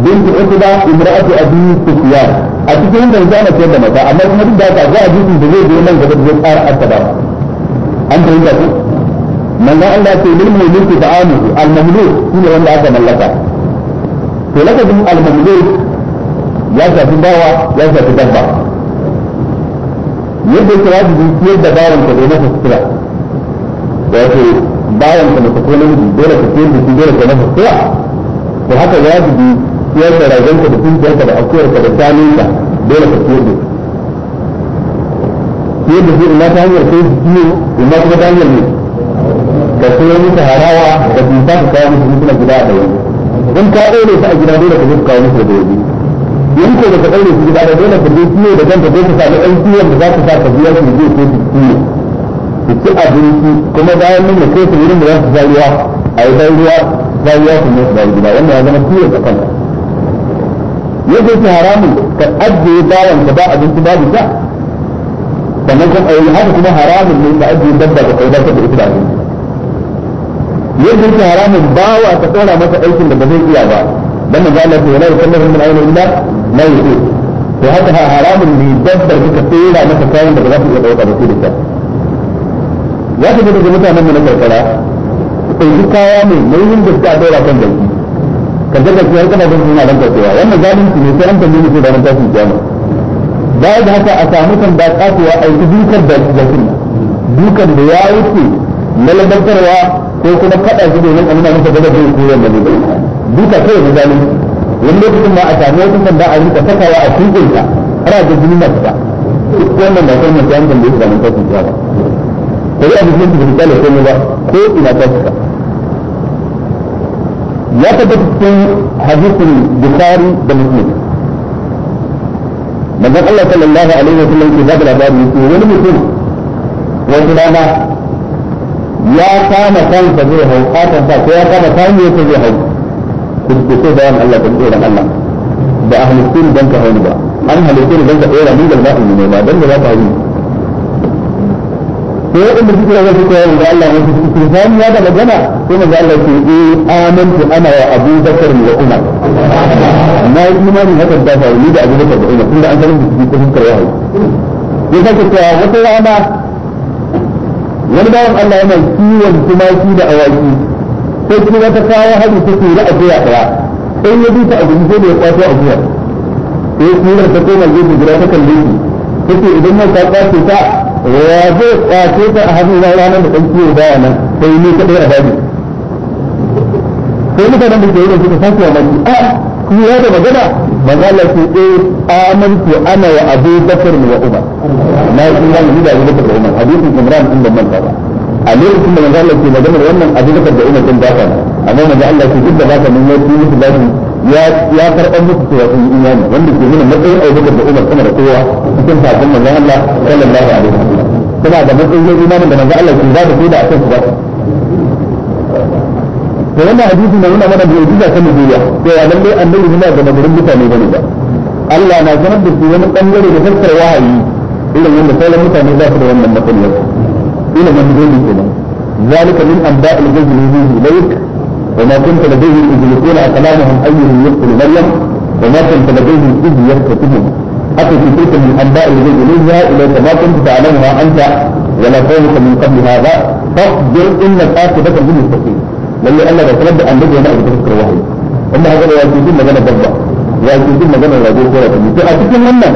بنت عتبة امرأة أبي سفيان أتكلم عن زانة كذا متى أما كما تبدأ تعزى أجيب من بذير بيومان كذا بذير آر التبار أنت هنا من لا الله تقول المهلوك تعامه المهلوك هو من أتى ملكه فلك المهلوك يا شافي باوى يا شافي دبا yadda yake wajibi siyar da bayan ka domin sutura da yake bayan ka mace ko namiji dole ka siyar da shi dole ka masa sutura to haka wajibi ciyar da ragonka da tunkiyarka da akuyarka da shanunka dole ka ciyar da ciyar da su ina ta hanyar kai su ciwo ina kuma ta hanyar ne ka sayo musu harawa da tuta ka kawo musu mutuna gida a dawo in ka ɗaure su a gida dole ka zo ka kawo musu da yabi in ko da ka ɗaure su gida da dole ka je ciwo da kanka ko ka sami ɗan ciwon da za ka sa ka biya su zai ko su ciwo su ci abinci kuma bayan nan da kai su wurin da za su sa ruwa a yi ruwa za ruwa su ne su da gida wannan ya zama ciwo da kanka yadda yake haramun ka ajiye bawan ka ba abinci babu sa sannan kuma a yi haka kuma haramun ne ka ajiye dabba ka kaudar ka da ita abinci yadda yake haramun bawa ka tsora masa aikin da ba zai iya ba dan manzo Allah ya yi kallon min ayyana illa la yusi to haka haramun ne dabbar ka tsora masa kayan da ba za ka iya dauka da su da kyau ya tafi daga mutanen mu na karkara ɗauki kaya mai nauyin da suka daura kan jaki kaje ka kiyar kana don suna ranka wannan ne sai an da baya da haka a samu kan da kasuwa a yi dukar da da sunna dukar da ya wuce na labantarwa ko kuma kada su domin a nuna masa da da ne duka da wani lokacin ma a samu wata sanda a rinka sakawa a cikin ta a ga na fita wannan ba sai su da su da ko ina ta suka ya tabbata cikin hadisin bukari da muslim manzon Allah sallallahu alaihi wa sallam ke bada labari yake wani mutum wani rana ya kama kansa zai hau katon sa ko ya kama kanyo ta zai hau kuke so bayan Allah dan tsoron Allah da ahlul sunna dan ka hau ba an halittu don ka tsoron ni da ba'in ne ba dan da za ka hauni sai waɗanda suke da wasu koyarwa da Allah wasu suke sami ya da magana sai maza Allah ke yi eh, amintu ana wa Abu Bakar da Umar na yi imanin haka da faru ni da Abu Bakar da Umar tunda an san da suke kuma karwa hau ya sake ta wata rana wani bawan Allah yana kiwon tumaki da awaki sai kuma wata kawo hari ta tura a koya ɗaya sai ya bi ta a guji sai da ya kwato a koya sai kuma ta koma gefe guda ta kalle shi sai idan nan ta kwace ta ya zo kwace ta a hannun ranar da ɗan ciwo baya nan sai ne kaɗai a daji sai mutanen da ke yi suka sake wa a kuma ya da magana maza Allah ce eh amantu ana wa Abu Bakar wa Umar na yi kuma da Abu Bakar da Umar hadisin Imran din da manta ba a lokacin da maza Allah ce maganar wannan Abu Bakar da Umar din ba ta amma maza Allah ce duk da ba ta mun yi musu ba ya ya karɓar musu cewa sun yi imani wanda ke nuna matsayin Abubakar da Umar sama da kowa cikin sabon manzon Allah sallallahu alaihi wasallam kuma da matsayin imanin da manzon Allah ke za ta koda a kan su ba to wannan hadisi na nuna mana mu'jiza ta mujiya to ya lalle annabi yana da magarin mutane bane ba Allah na sanar da su wani bangare da fassara wahayi irin wanda sauran mutane za su da wannan matsaliyar ilimin gaibi kenan zalika min anba'il ghaibi la yuk وما كنت لديهم اذ يقول اقلامهم ايهم يقتل مريم وما كنت لديهم اذ يكتبون حتى في تلك من انباء الغيب اليها اليك ما كنت تعلمها انت ولا قومك من قبل هذا فاصبر ان الاخره بالمستقيم لان الله لا تنبا ان نجي معك بذكر وحي اما هذا لا يجوزون مجال الضبع لا يجوزون مجال الرجوع كره تجوز فاتيك منا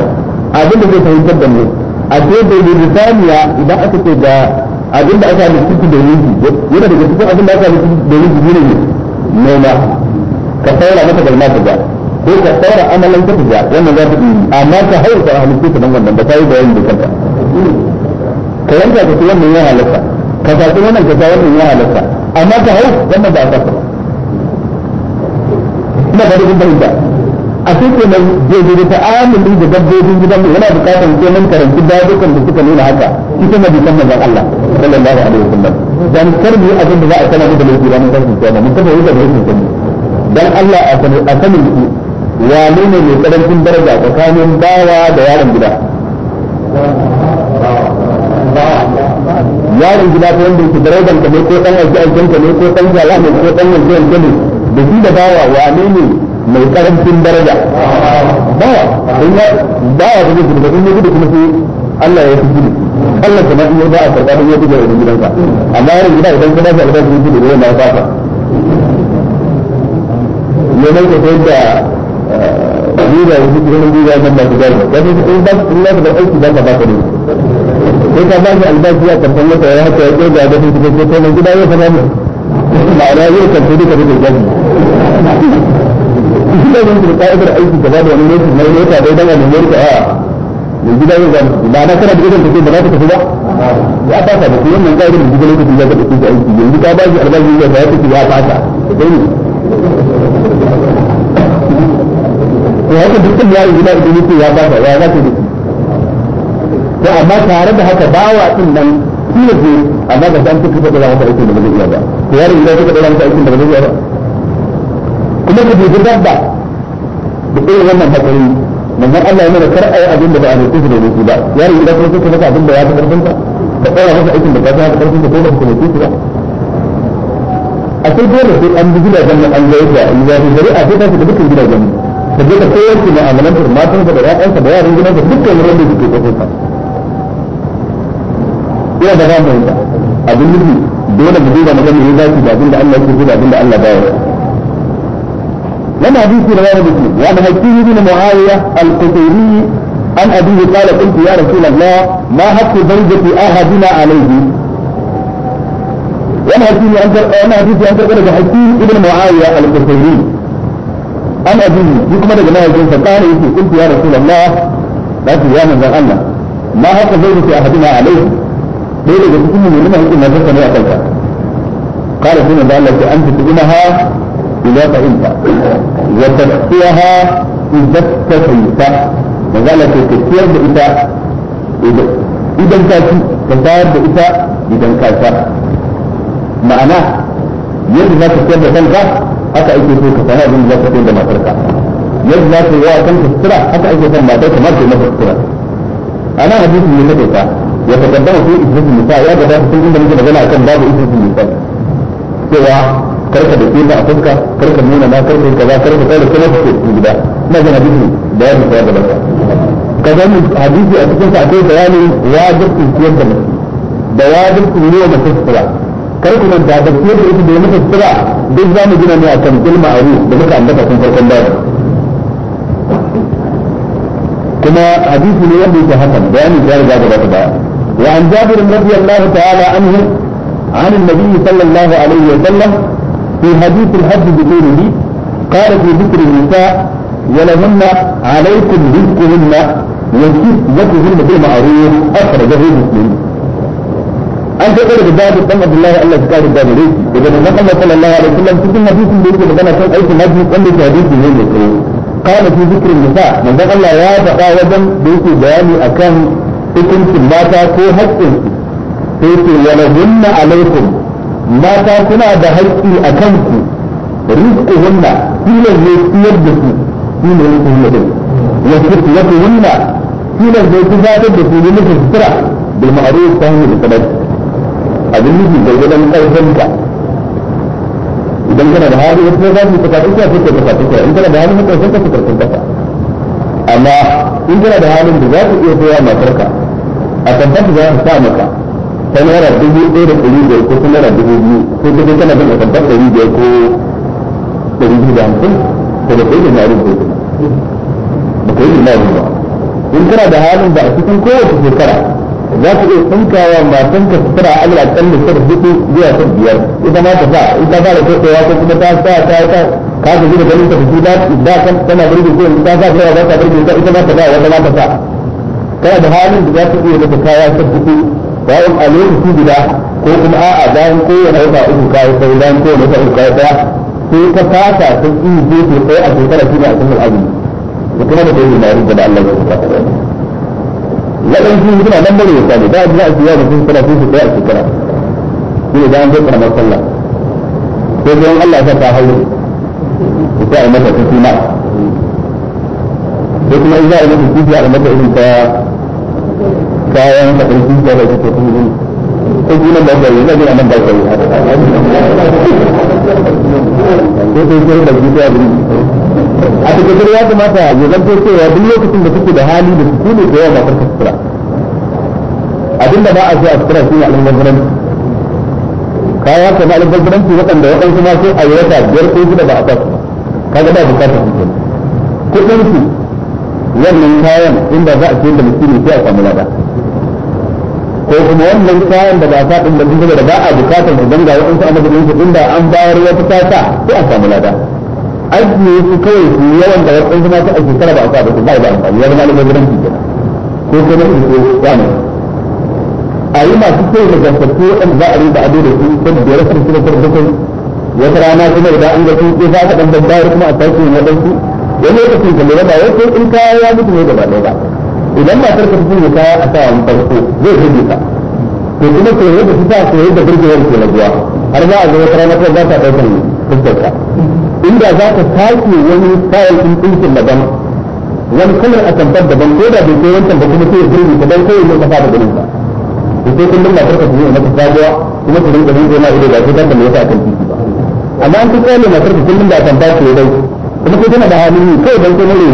هذا الذي سيجد منه اتيت بريطانيا اذا اتيت ابن اسامه كنت بريطانيا يقول لك ابن اسامه كنت بريطانيا noma ka saura mata galma ta ja ko ka saura amalan ta ja wannan za ta yi amma ka haura ta halittu ta dan wannan da ta yi bayani da kanka ka yanka ka ci wannan ya halatta ka saci wannan ka sa wannan ya halatta amma ka haura wannan ba a kasa ina ba da kun fahimta a cikin nan daidai ta amini da dabbobin gidan yana bukatar sai karanci dadukan da suka nuna haka cikin mabisan manzon Allah sallallahu alaihi wasallam dan karbi abin da za a sanar da ranar kiyama mun a sanar ku wane ne mai karancin daraja tsakanin bawa da yaron gida yaron gida ko dan ka ne ko dan jala ne ko dan ne da shi bawa wane ne mai karancin daraja bawa bawa da zai da ya kuma Allah ya fi gudu kallon kamar in ba a karɓa da yau kuka idan gidanka amma yaron gida idan ka dace albashin kuɗi da yana fata ne mai ka sayar da riba yanzu ki riba nan ba su gari ba kasu in ba su kuma da aiki ba ka ba ka ne sai ka ba shi albashi a karɓar masa ya haka ya ƙirga da su kuma sai gida ya fara mai ma'ana yau kan duka duka gani ne yanzu da ƙa'idar aiki gaba da wani lokaci mai yota dai dama da mai yota a gida yau zamu ba na kana da take ba za ta tafi ba ya ba da kuma nan ga irin lokacin da kake da aiki yanzu ka ba shi albashi ya ba ta ya ba ta dai to haka dukkan yayi gida idan yake ya ba ya za ta yi to amma tare da haka bawa din nan shi ne amma ga san kuka da wata aikin da ba zai iya ba to yaron gida kuka da wata aikin da ba zai iya ba kuma ku dubi dabba da irin wannan hatsari manzon Allah yana kar ayi abin da ba a rubuta da roƙi ba ya rubuta kuma sai ka maka abin da ya fi karfin ka ka tsaya masa aikin da ka ta fi karfin ka ko ba ka roƙe shi ba akwai dole sai an bi gidajen nan an ga yadda ya fi a sai ka shiga dukkan gidajen nan ka je ka koyar ki mu'amalantar matan ka da ƴaƴanka da yaran gidanka dukkan ruwan da suke kafin ka ina da ba mu yi abin nufi dole mu duba mu ga me ya dace da abin da Allah yake da abin da Allah baya لما حديث رواه مسلم وعن حكيم بن معاوية القتيبي عن أبيه قال قلت يا رسول الله ما حق زوجة أحدنا عليه وأنا حكيم أنا حديث أنت قلت حكيم بن معاوية القتيبي عن أبيه يكمل جماعة جنسة قال قلت يا رسول الله لكن يا من ذا الله ما حق زوجة أحدنا عليه ليه لقد تكون من لما حكيم ما قال سنة قال أنت تقومها إذا فهمت وتسقيها إذا استفيت وذلك تسقيها إذا إذا كاتي تسار إذا إذا كاتا معنى yadda za ka siyar da kanka haka ake so ka sanar abin za ka siyar da matarka yadda za ka yi wa kanka sutura haka ake son matarka ma ta maka sutura ana hadisi ne na kaita ya takaddama ko idrisu nisa ya gabata tun inda muke magana kan babu idrisu nisa cewa karka da kuma a fuska karka nuna ma karka ka za karka kai da kuma su ke gida na ga hadisi da ya fara da baka kaza mu hadisi a cikin sa akwai bayani ku ciyar da mutum da wajibin ku ne da sura karka nan da da gaskiyar da ita da mutum sura duk za mu gina ne a kan ilma a da muka ambata kun farkon bayan kuma hadisi ne wanda yake hakan bayani ya riga da baka baya وعن جابر رضي الله تعالى عنه عن النبي صلى الله عليه وسلم في حديث الحج بدونه قال في ذكر النساء ولهن عليكم رزقهن يجب لكم في المعروف اخرجه مسلم أنت تقول بالذات أن عبد الله الله تعالى قال إذا النبي صلى الله عليه وسلم في كل حديث بيقول لك أنا كان أي نبي كان في حديث من قال في ذكر النساء من ذكر الله يا بقى وجن بيت بياني أكان إكن سباتا كو حق إنسي فيقول ولهن عليكم mata suna da haƙƙi a kanku rizquhunna filan ne siyar da su filan ne siyar da su fi fitratuhunna filan ne tufatar da su ne musu sutura da ma'aru ta hanyar sadaka abin nufi da gidan ƙarfinka idan kana da hali wasu za su tafi ta sai ka tafi tafiya in kana da halin mutum sai ka ta tafi tafiya amma in kana da halin da za ka iya koya matarka a tabbata za ka sa maka ta naira dubu ɗaya da ɗari biyar ko ta naira dubu biyu ko ta kai kana bin a tabbar ɗari biyar ko ɗari biyu da hamsin ko da kai da naira ko ba kai da naira ba in kana da halin ba a cikin kowace shekara za ka iya tsinkawa matan ka sutura alal akalli sar hudu zuwa sar biyar ita ma ta sa ita fara kokowa ko kuma ta sa ta ta ka ga gida ganin ta fiti da kan tana burge ko ta sa ta ba ta burge ita ma ta sa wata ma ta sa kana da halin da za ka iya mata kaya sar hudu bayan a lokaci guda ko kuma a'a bayan kowane wata uku kayi sai bayan kowane wata uku kayi daya sai ka fasa yi iya ke sai a shekara shi ne a cikin azumi da kuma da kai yi yarda da Allah ya saka ka wadan shi suna nan bane ya ne da za a ji ya da shekara sai su kai a shekara shi ne bayan zai karamar sallah sai bayan Allah ya saka haure sai a mata ta suna sai kuma in za a yi mata kifi a mata irin ta Kayan ka ɗauki da ba ki ko kuma ko kuma ba ka yi na a nan ba ka yi haka ko ko ko da ki ta bin a cikin ya kamata ya zanto cewa duk lokacin da suke da hali da kuke ne da yawa ba ka tsira abinda ba a so a tsira shi ne al'amuran kaya kamar al'amuran waɗanda waɗansu ma sai a yi wata biyar ko shida ba a ba kaga ba bukatar su kuɗin su wannan kayan inda za a ce da mutum ne sai a samu lada ko kuma wannan kayan da ba sa din da ba a bukatar idan ga su amadadin su inda an bayar wata tata ko a samu lada ajiye su kawai su yawan da wasu kuma ta ake shekara ba a sa da su ba da amfani ya zama ilimin gidan ki ko kuma su ko ne a yi masu kai da gasarku waɗanda za a rinka ado da su da biyar sun su da sarkakon wata rana kuma idan an ga sun ke za ka ɗan bayar kuma a sake wani waɗansu wani lokacin kamar ba wasu in kaya ya mutu ne gaba ɗaya ba idan matar ka tafi kaya a sawa farko zai zai ka to kuma ko yadda su ta ko yadda burgewar ke zuwa har za a zama wata rana za ta daukar fuskar inda za ka sake wani kayan tsinkin daban wani kalar a tamfar daban ko da bai kai wancan ba kuma sai ya ka dan ko yanzu ka fara ganin ka to sai kullum matar ka tafi mata sabuwa kuma ta rinka rinka yana ido ba sai dan da me yasa akan titi ba amma an ka kalle matar ka kullum da tamfar ke dai kuma sai tana da halin kai dan kuma ne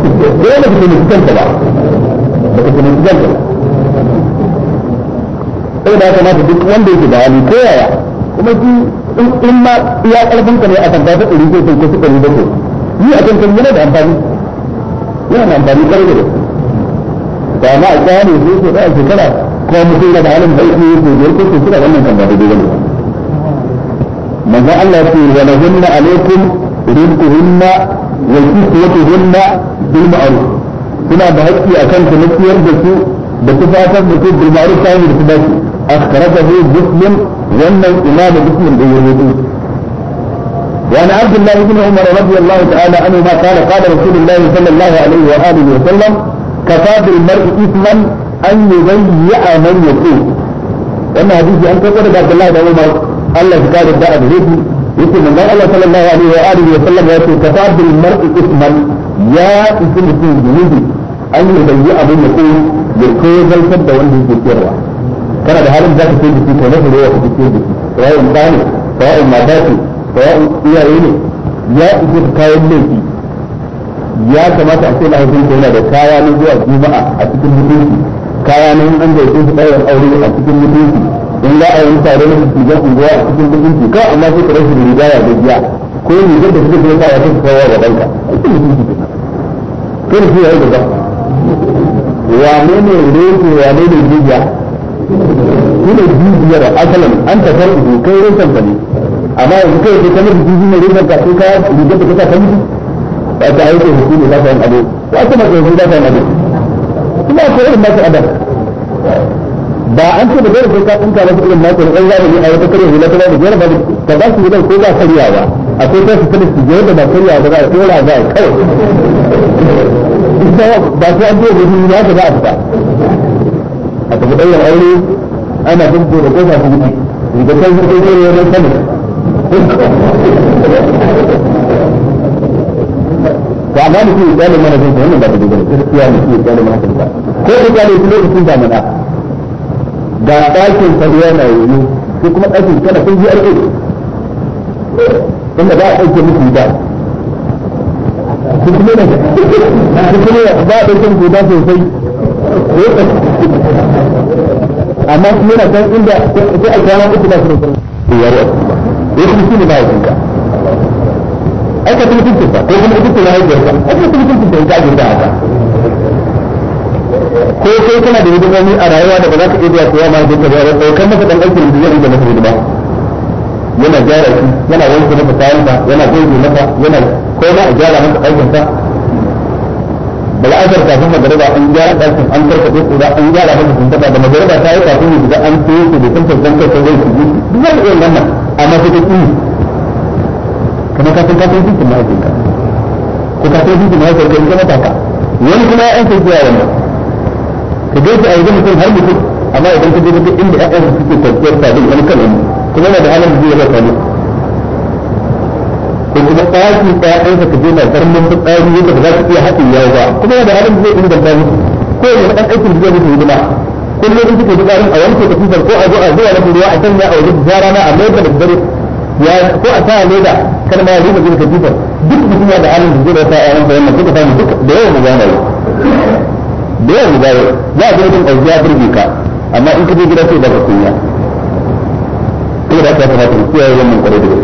dole ka taimaki kanka ba ba ka taimaki kanka ba sai da ya kamata duk wanda yake da hali ko yaya kuma shi in ma ya karfin ka ne a kan ɗari ko sai ko su ɗari yi a kan kan yana da amfani yana da amfani ƙwarai da ba ma a kyale sai ko da shekara ko mutum da halin bai ne ko da ko shekara wannan kan ba da dole manzo Allah ya ce wa lahunna alaikum rizquhunna وكسوتهن بالمعروف suna da haƙƙi a kan kulafiyar da su da tufatar da su bilmaru ta hanyar su dace akhrajahu muslim wannan imam muslim da yahudu وعن عبد الله بن عمر رضي الله تعالى عنهما قال قال رسول الله صلى الله عليه واله وسلم كفى بالمرء اثما ان يضيع من يطيق. اما حديث ان تقول عبد الله بن عمر الله تعالى بعد yake manzon Allah sallallahu alaihi wa alihi wa sallam ya ce kafabil mar'i isman ya isin mutum zunubi an yi bayyi abin da ko da ko zartar da wanda yake kiyarwa kana da halin zaka sai jiki to na fure wa kake sai jiki ra'ayin bani ra'ayin mata ce ra'ayin iyaye ne ya isin kayan laifi ya kamata a ce mahaifin yana da kaya na zuwa juma'a a cikin mutunci kaya na an zai su ɗaukar aure a cikin mutunci in za a yi tare da su ga unguwa a cikin dukkan cika amma sai ka rashin riga ya biya ko ne da suka je ta wata kowa da banka aikin mutum ke kai shi yayi gaba wane ne reke wane ne jijiya shi ne da asalin an ta farko kai rufan ka ne amma yanzu kai sai kamar ne rufan ka sai ka riga da kasa kan ba ta aikin hukumi za ta yi ado ba ta matsayin za ta yi abu kuma akwai irin ba ta adam ba an ce da dole sai ka tsinka masa irin naka da ƙarfi ne a wata kare hula ta babu jiyar ba ka su gidan ko ba karya ba akwai kai su kada su jiyar da ba karya ba za a tsora ba a kawai ba sai an jiyar da hula ta ba a fita a tafi ɗaukar aure ana bin ko da kofa su gudu da kan su kai kare wani sani ba ma mutum ya kyale mana jinsa wannan ba da dogara gaskiya mutum ya kyale mana jinsa ko da kyale su lokacin damana ga ɗakin sa na yi ko kuma ɗakin kada kun ji arƙi wanda ba a ɗauke musu ba kuma ne kuma ba a ɗauke musu ba sosai amma su yana kan inda ta a kwana uku ba su da kuma ya kuma shi ne ba ya jinka aka kuma tuntunta ko kuma ita ce ya haifiyarsa aka kuma tuntunta ita a jinka haka ko kai kana da hidimomi a rayuwa da ba za ka iya biya kowa ma da ka biya daukar masa dan aikin da zai da masa hidima yana gyara shi yana wanke masa kayansa yana goge masa yana ko ma a gyara masa aikin sa bala asar kafin garba an gyara ɗakin an karkaɗe ƙura an gyara masa tuntuɓa da magariba ta yi kafin yanzu an tsaye su da kan tattan kai kan zai su yi duk wani irin wannan amma sai ta ƙi kamar kafin kafin jikin mahaifinka ko kafin jikin mahaifinka in ka ka wani kuma ya ɗan sai zuwa wannan ka gaisa a yanzu mutum har mutum amma idan ka je mutum inda ƴaƴan suke kwanciyar sabon wani kan wani kuma yana da halin da zai yaba sami ko kuma tsaki ƴaƴansa ka je na zarmin su tsari yadda ba za su iya haɗin yawo ba kuma yana da halin da zai inganta musu ko yana ɗan aikin da zai musu hidima kullum in suka ji tsarin a wanke ka tusar ko a zo a zuwa na ruwa a sanya a wajen jara na a mayar da daddare ya ko a sa leda kan ma ya zuba jin ka tusar duk mutum ya da halin da zai da sa'a yansa wannan duka samu duka da yawan mu gane yau da yawa ribaye za a jirgin ɗauki ya burge ka amma in ka je gida sai ba ka kunya ko da ka kamata ku kiyaye wannan kwarai da gaske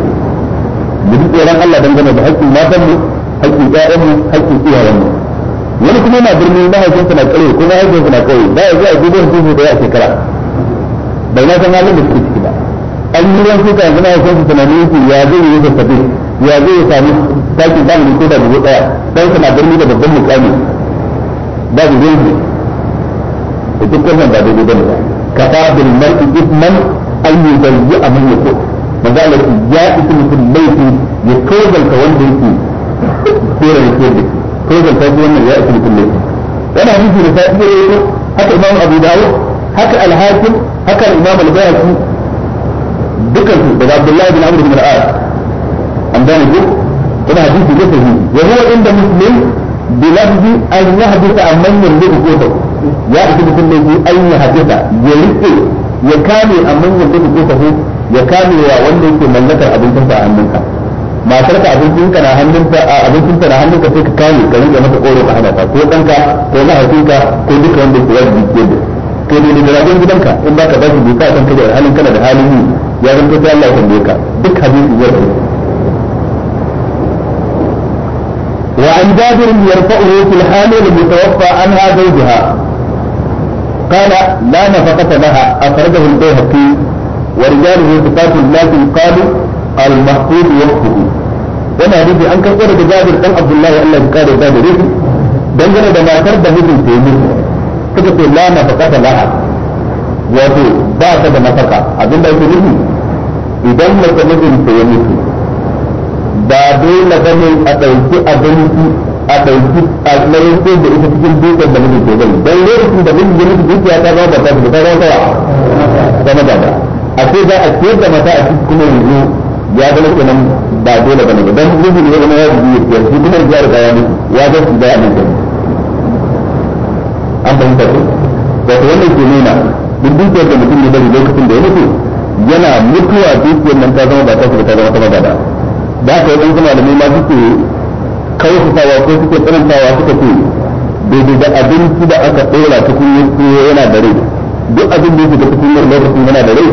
mu duk tsoron Allah dangane da haƙƙin matanmu haƙƙin ƴaƴanmu haƙƙin iyayenmu wani kuma yana birni mahaifinsa na ƙauye ko mahaifinsa na ƙauye ba ya zuwa gidan dubu da ya shekara bai na san halin da suke ciki ba an yi ruwan suka yanzu mahaifinsa tunanin yake ya zai yi sassabe ya zai sami takin zamani ko da dubu ɗaya ɗansa na birni da babban mutane. babu zunubi da duk wannan ba daidai bane ba kafa bil mar'i ithman an yudayyi man yako manzo Allah ya isi mutum laifi ya kozalta wanda yake kore da kore kozalta shi wannan ya isi mutum laifi yana nufi da sa'i da yake haka imam abu dawud haka al-hakim haka imam al-bayhaqi dukkan su daga abdullahi bin amr bin al-as an gane duk kuma hadisi ne sahihi wa huwa inda muslim بلفظ أن يحدث ya من يملك قوته يا أكيد كل شيء أن يحدث يلقي يكامل عن من يملك ya kame يا wanda yake mallakar abincin sa a hannunka matar ka abincin ka na hannunka abincin ta na hannunka sai ka kame ka rinka masa koro ka hada ta ko danka ko mahaifinka ko duka wanda yake wajibi ke da kai ne da rabin gidanka in ba ka ba shi duka kan kaje halin kana da halin yi ya zanto sai Allah ya tambaye ka duk hadisi ya rubuta وعن جابر يرفعه في الحال المتوفى عنها زوجها قال لا نفقة لها أخرجه البيهقي ورجاله صفات لكن قالوا المحفوظ وقفه وانا هديدي أن كثير جابر بن عبد الله أن قال جابر dangane da matar da mijin ta yi suka ce la nafaqata laha wato ba ta da nafaka abinda yake nufi idan mace mijin ta yi mutu ba dole ba ne a ɗauki abinci a ɗauki a ɗauki ko da ita cikin dukkan da muke ke gani don lokacin da muke gani dukiya ta zama ba ta ta zama kawa zama da ba a ce za a ce da mata a cikin kuma yanzu ya zama kenan ba dole ba ne ba don mutum ne zama ya zuwa ya shi kuma ya riga ya mutu ya ga su a nan gani an fahimta ko da ta wannan ke nuna duk dukiyar da mutum ya bari lokacin da ya mutu yana mutuwa nan ta zama ba ta ta zama ba da aka yi ɗansu malamai ma suke kawusawa ko suke tsanantawa suka ce daidai da abinci da aka ɗora ta tukunyar tuwo yana da rai duk abin da yake da tukunyar lokacin yana da rai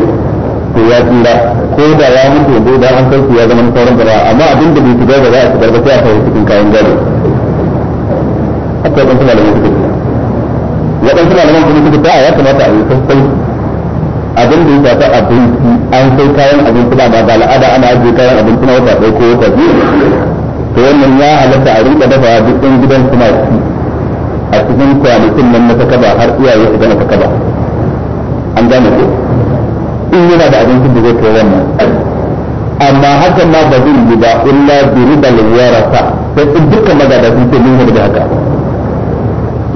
to ya tsira ko da ya mutu yanzu da an sarki ya zama sauran gaba amma abin da bai shiga ba za a shigar ba sai a kawo cikin kayan gado akwai ɗansu malamai suka ce waɗansu malaman kuma suka ta'a ya kamata a yi sassai abin da ya shafi abinci an sai kayan abinci ba ga al'ada ana ajiye kayan abinci na wata ɗaya ko wata biyu to wannan ya halatta a rinka dafa duk ɗan gidan suna ci a cikin kwanakin nan na takaba har iyaye su gana takaba an gane ko in yana da abincin da zai kai wannan amma hakan ma ba zai yi ba illa bi ribal warasa sai in dukkan magada sun ce mun da haka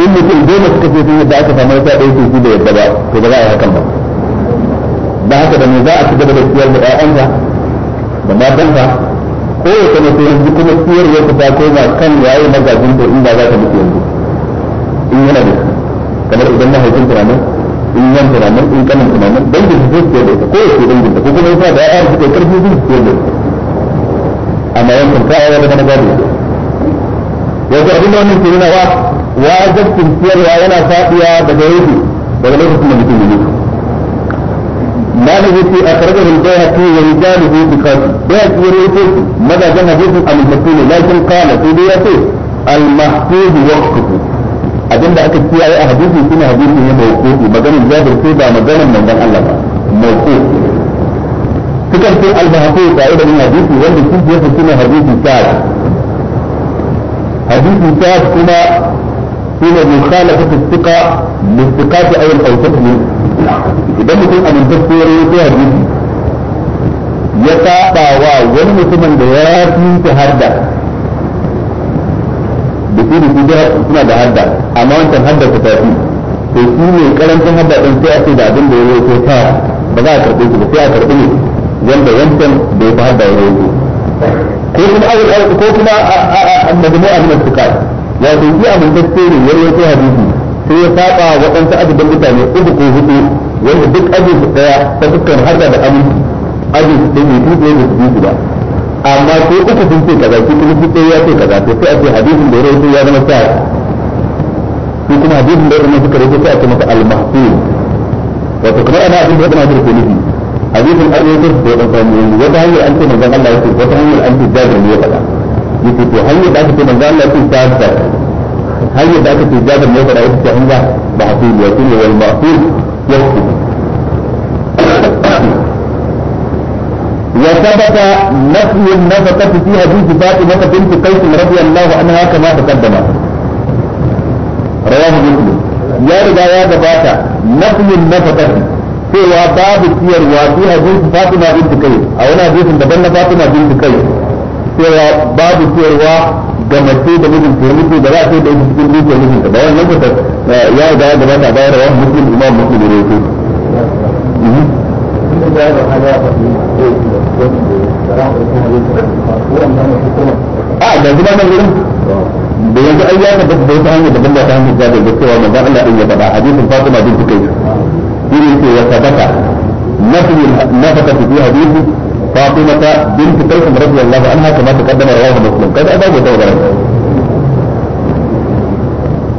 in mutum goma suka ce sun yadda aka samu wata ɗaya su da yadda ba to ba za a yi hakan ba da haka da me za a cigaba da ciyar da ƴaƴanka da ko ya kuma sai yanzu kuma ya ta koma kan yayi magajin da in ba za ka mutu yanzu in yana da kamar idan mahaifin tunanin in yan tunanin in kanin tunanin dangin su da ita ko ya ce ta ko kuma yasa da ƴaƴan su kai karfi da ita amma yankin ya ayyana da yanzu abin da wannan ke nuna wa wajibcin ciyarwa yana faɗiya daga yanzu daga lokacin da mutum ya mutu بعده في أخرجه البيهقي ورجاله بقاسه بيهقي ورجاله ماذا جنى جيسن أم المحفوظ لكن قال في بيهقي المحفوظ وحكته أجنى أكد في أي أحديث يكون حديثه موقوف مدن الزابر كيبا مدن من دن الله موقوف تكن في المحفوظ قائدة من حديثه وانه في يكون كنا حديثه كاس حديثه كاس كما في مخالفة الثقة من أو الأوثق idan mutum amintacce ya rawaito jiki ya saba wa wani mutumin da ya fi ta harda da su da su suna da hadda amma wancan harda ta tafi to shi ne karancin hadda ɗin sai a ce da abin da ya rawaito ta ba za a karɓi shi ba sai a karɓi wanda wancan da ya fi harda ya ko kuma ko kuma a majmu'a min al-thiqat wato shi amintacce ne ya rawaito hadisi sai ya saba waɗansu adadin mutane uku ko hudu wanda duk ajin su daya ta dukkan harka da aminci ajin su ɗaya ne tuɗe ne su bi ba amma ko uku sun ce kaza ko kuma shi ya ce kaza to sai a ce hadisin da ya rawaito ya zama sa ko kuma hadisin da ya zama suka rawaito sai a ce masa al-mahsul wato kuma ana abin da ya zama da ke nufi hadisin an rawaito da waɗansu hanyoyi wata hanyar an ce manzon Allah ya ce wata hanyar an ce jabir ya faɗa yake to hanyar da aka ce manzon Allah ya ce ta هل يبقى في جاد الموضع رأيك تعمل معصول يكون والمعصول يكون وثبت نفي النفقة في حديث فاطمة بنت قيس رضي الله عنها كما تقدم رواه مسلم يا رجاء ذات نفي النفقة في وباب السير وفي حديث فاطمة بنت قيس أو أنا حديث بدل فاطمة بنت قيس في وباب السير وفي ga mace da mijin ta mutu da za a sai da ita cikin dukiyar mijin ta ba wannan eh, ya ga ya gaba ta bayar wa muslim imam muslim ne ko a da zuba na gurin da yanzu an ya tabbata da wata hanyar daban da ta hanyar jabir da cewa manzon Allah din ya faɗa hadisin Fatima bin Tukayr shi ne ke ya tabbata nafi nafaka fi hadisi فاطمة بنت قيس رضي الله عنها كما تقدم رواه مسلم كذا أباب وتوبة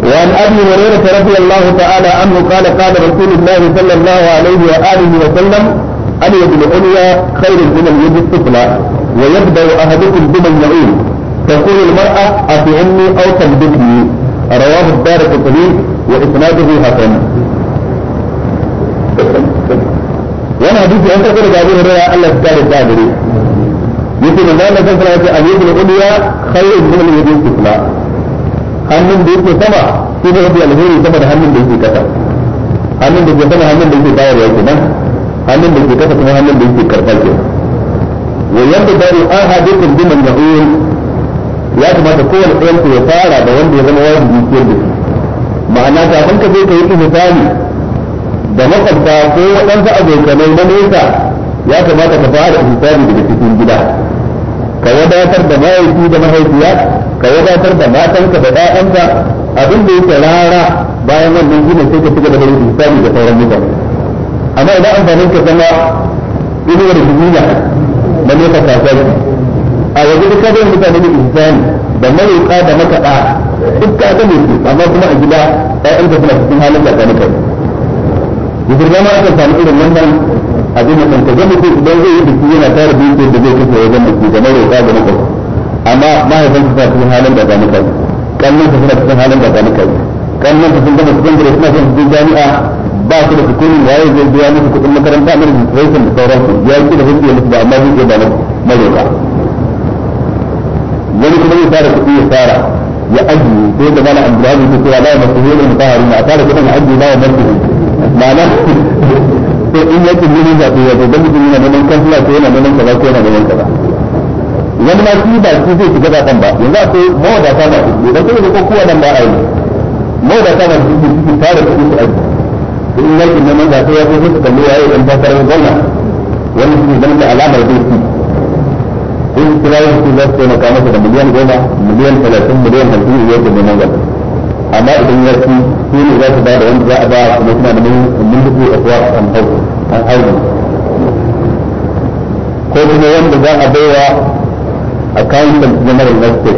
وعن ابي هريره رضي الله تعالى عنه قال قال رسول الله صلى الله عليه واله وسلم اليد العليا خير من اليد السفلى ويبدا احدكم بما يعين تقول المراه اطعمني او تلبسني رواه الدار قطني واسناده حسن hadisi an karɓi daga Abu Hurairah Allah ya kare ta gare yake manzo Allah sallallahu alaihi wasallam yake al-ulya khayrun min al-yadi al-sufla hannun da yake sama shi ne mafi alheri sama da hannun da yake kasa hannun da ke sama hannun da yake bayarwa kenan hannun da ke kasa kuma hannun da yake karɓa kenan wa yadda dari ahadikum biman yaqul ya kamata kowane ɗayan ya fara da wanda ya zama wajibi ke da ma'ana kafin ka je ka yi misali da makwabta ko waɗansu abokanai na nesa ya kamata ka fara hisabi daga cikin gida ka wadatar da mahaifi da mahaifiya ka wadatar da matanka da ɗayanka abin da yake rara bayan wannan gina sai ka cigaba da yin hisabi da sauran mutane amma idan amfanin ka zama inuwar duniya na nesa kasuwanci a waje kada yin mutane da hisabi da mayuka da makaɗa duk ka ne su amma kuma a gida ɗayanka suna cikin halin da ka yanzu da ma aka samu irin wannan abin da kan kaga mutum idan zai yi biki yana tara dukiyar da zai kashe wajen biki da mai roƙa da kai amma san sa cikin halin da ba na kai kannan sa suna cikin halin da ba na kai kannan sa sun gama cikin gare suna son su jami'a ba su da hukumin waye zai biya musu kuɗin makaranta na registration da sauransu ya yi da hujjar musu ba amma hujjar ba na maroƙa wani kuma zai tara kuɗi ya tara ya aji ko da mala abdullahi ko kira da masu hulu mutahari na tare kuma ya aji bawa barki ma'ana ko in yake gurin da ko da mutum yana neman kansila ko yana neman kaza ko yana neman kaza wani ma shi ba shi zai shiga zaben ba yanzu akwai mawadata na su idan kuma da kowa nan ba a yi mawadata na su suke tare da su aji in yake neman zaɓe ya ko su kalli ya yi ɗan takarar gwamna wani shi ne zama da alamar zai in kirayen su za su taimaka masa da miliyan goma miliyan talatin miliyan hamsin ne yadda neman gaba amma idan ya ci su ne za su ba da wanda za a ba kuma suna da mun dubu a kuwa an hau an hau ko kuma wanda za a baiwa accountant da na state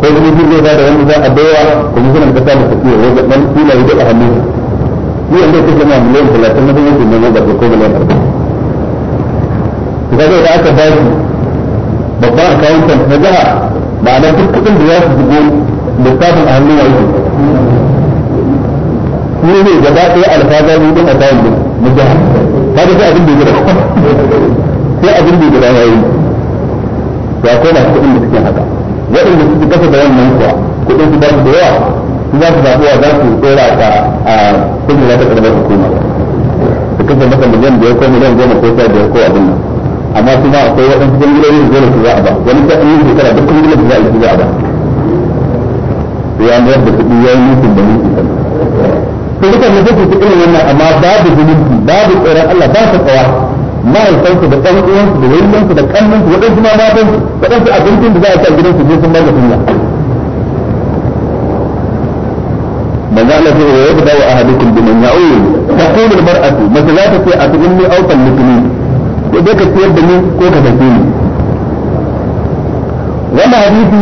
ko kuma shi zai ba da wanda za a baiwa kasa da wajen ɗan kila a wanda ya miliyan talatin na ko miliyan ga da aka bashi babban akawuntan na jiha ba na duk kudin da za su shigo lissafin a hannun yau shi ne gaba ɗaya alfaza ne don akawun na jiha ba da sai abin da gida sai abin da gida ya yi ya ko masu kudin da suke haka waɗanda suke kasa da wannan kuwa kudin su ba su da yawa su za su zaɓuwa za su tsora ta a kudin da ta ƙarɓar hukuma da kasa masa miliyan biyar ko miliyan goma ko sha biyar ko abin nan amma kuma akwai waɗansu bangilorin da su za a ba wani ta ɗan shekara duk kuma da za a yi za a ba ya mayar da kuɗi ya yi nufin da nufin kan to duka ne suke su irin wannan amma babu zumunci babu tsoron Allah ba su tsawa mahaifansu da ɗan uwansu da wayansu da kannansu waɗansu ma matansu waɗansu abincin da za a ci a gidansu sai sun ba da sunya مجالة ويبدأ أحدكم بمن يعود تقول المرأة مثل لا تسيء أتغني أو تلتني ko ka ciyar da ni ko ka ni wannan hadisi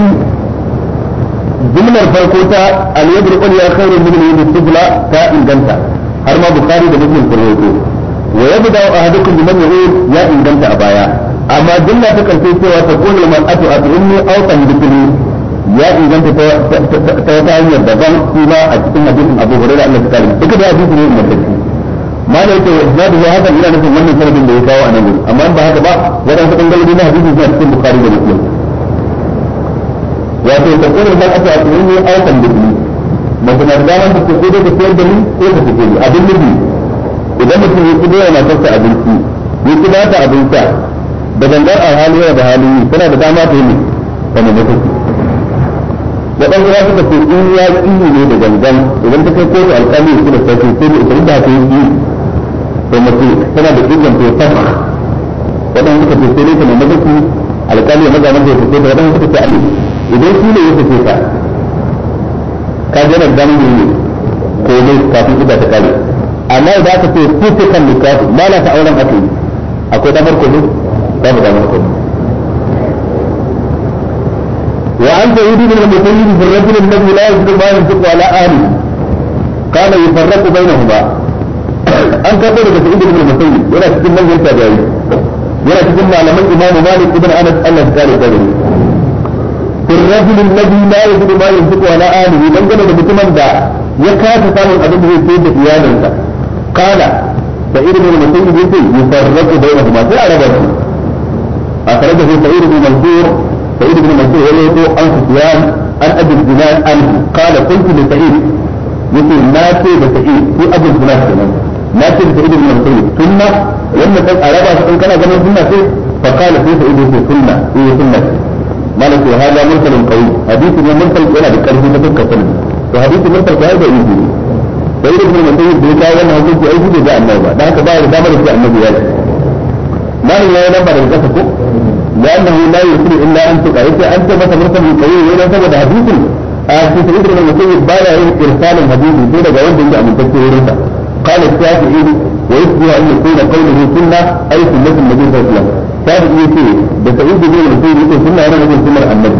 jimlar farko ta al-yadru qul ya khairun min yadi sibla ta inganta har ma bukhari da muslim sun rawaito wa yabda ahadukum biman yaqul ya inganta a baya amma jimla ta karshe cewa ta qul man atu aw tanbituni ya inganta ta ta hanyar daban shi a cikin hadisin Abu da Allah ta duka da hadisi ne mai ma da yake na da ya haka ina nufin wannan sanadin da ya kawo a nan gudu amma ba haka ba wadansu bangarori na hadisi suna cikin bukari da muslim wato tsakurin da aka a tsakurin ne aukan da biyu? mace na da wanda ke ko da sayar da ni ko ta fito ni abin nufi idan mutum ya kudo yana kasta abinci ya ci ba ta abinci da gangar a hali da yi tana da dama ta yi ne ta nemi take waɗansu za su ka ce in ya ƙi ne da gangan idan ta kai kotu alƙali su da sauƙi sai da ita da ta yi ko mace tana da dukkan to tafa wadan suka ce sai ta mai madaki alƙali ya maza mata ya fice ta wadan suka ce ali idan shi ne ya fice ta ka ga nan dan ne ko ne kafin ida ta kare amma idan aka ce fice kan nikafi lalata auren ake yi akwai damar kudu babu damar kudu وعن سعيد بن المسيب في الرجل الذي لا يصدق ما ينفق على اهله قال يفرق بينهما an karɓo daga sa'id ibn musayyib yana cikin manyan tabi'i yana cikin malaman imam malik ibn anas Allah ya kare kare في الرجل الذي لا يجد ما ينفق على آله من قبل بتمن دا يكاد فهم أبن هي سيد ديانة قال سعيد بن المسيب يقول يفرق بينهما في عربة أخرجه سعيد بن منصور سعيد بن منصور يقول عن سفيان عن أبي الزناد عنه قال قلت لسعيد يقول ما سيد سعيد في أبي الزناد ما تجد ابن مسعود ثم لما اراد ان كان زمن سنه سيد فقال كيف ابن ثم ايه ثم ما لك هذا مرسل قوي حديث ابن مرسل يلا بكره في تلك السنه فحديث ابن مرسل هذا ايه فإذا ابن مسعود بيتا وانا هو في اي جزء جاء النوبة لانك بعد دامر في النبي يلا ما هو يلا نمر الكسكو لانه لا يرسل الا انت كايتي انت بس مرسل قوي ولا تجد حديث آه في سيدنا المسيح بالا ايه ارسال الحديث يقول لك وين بنجي عم قال الشافعي ويشبه ان يكون قوله سنه اي سنه النبي صلى الله عليه وسلم الشافعي يقول بسعيد بن مسعود يقول سنه انا نقول سنه النبي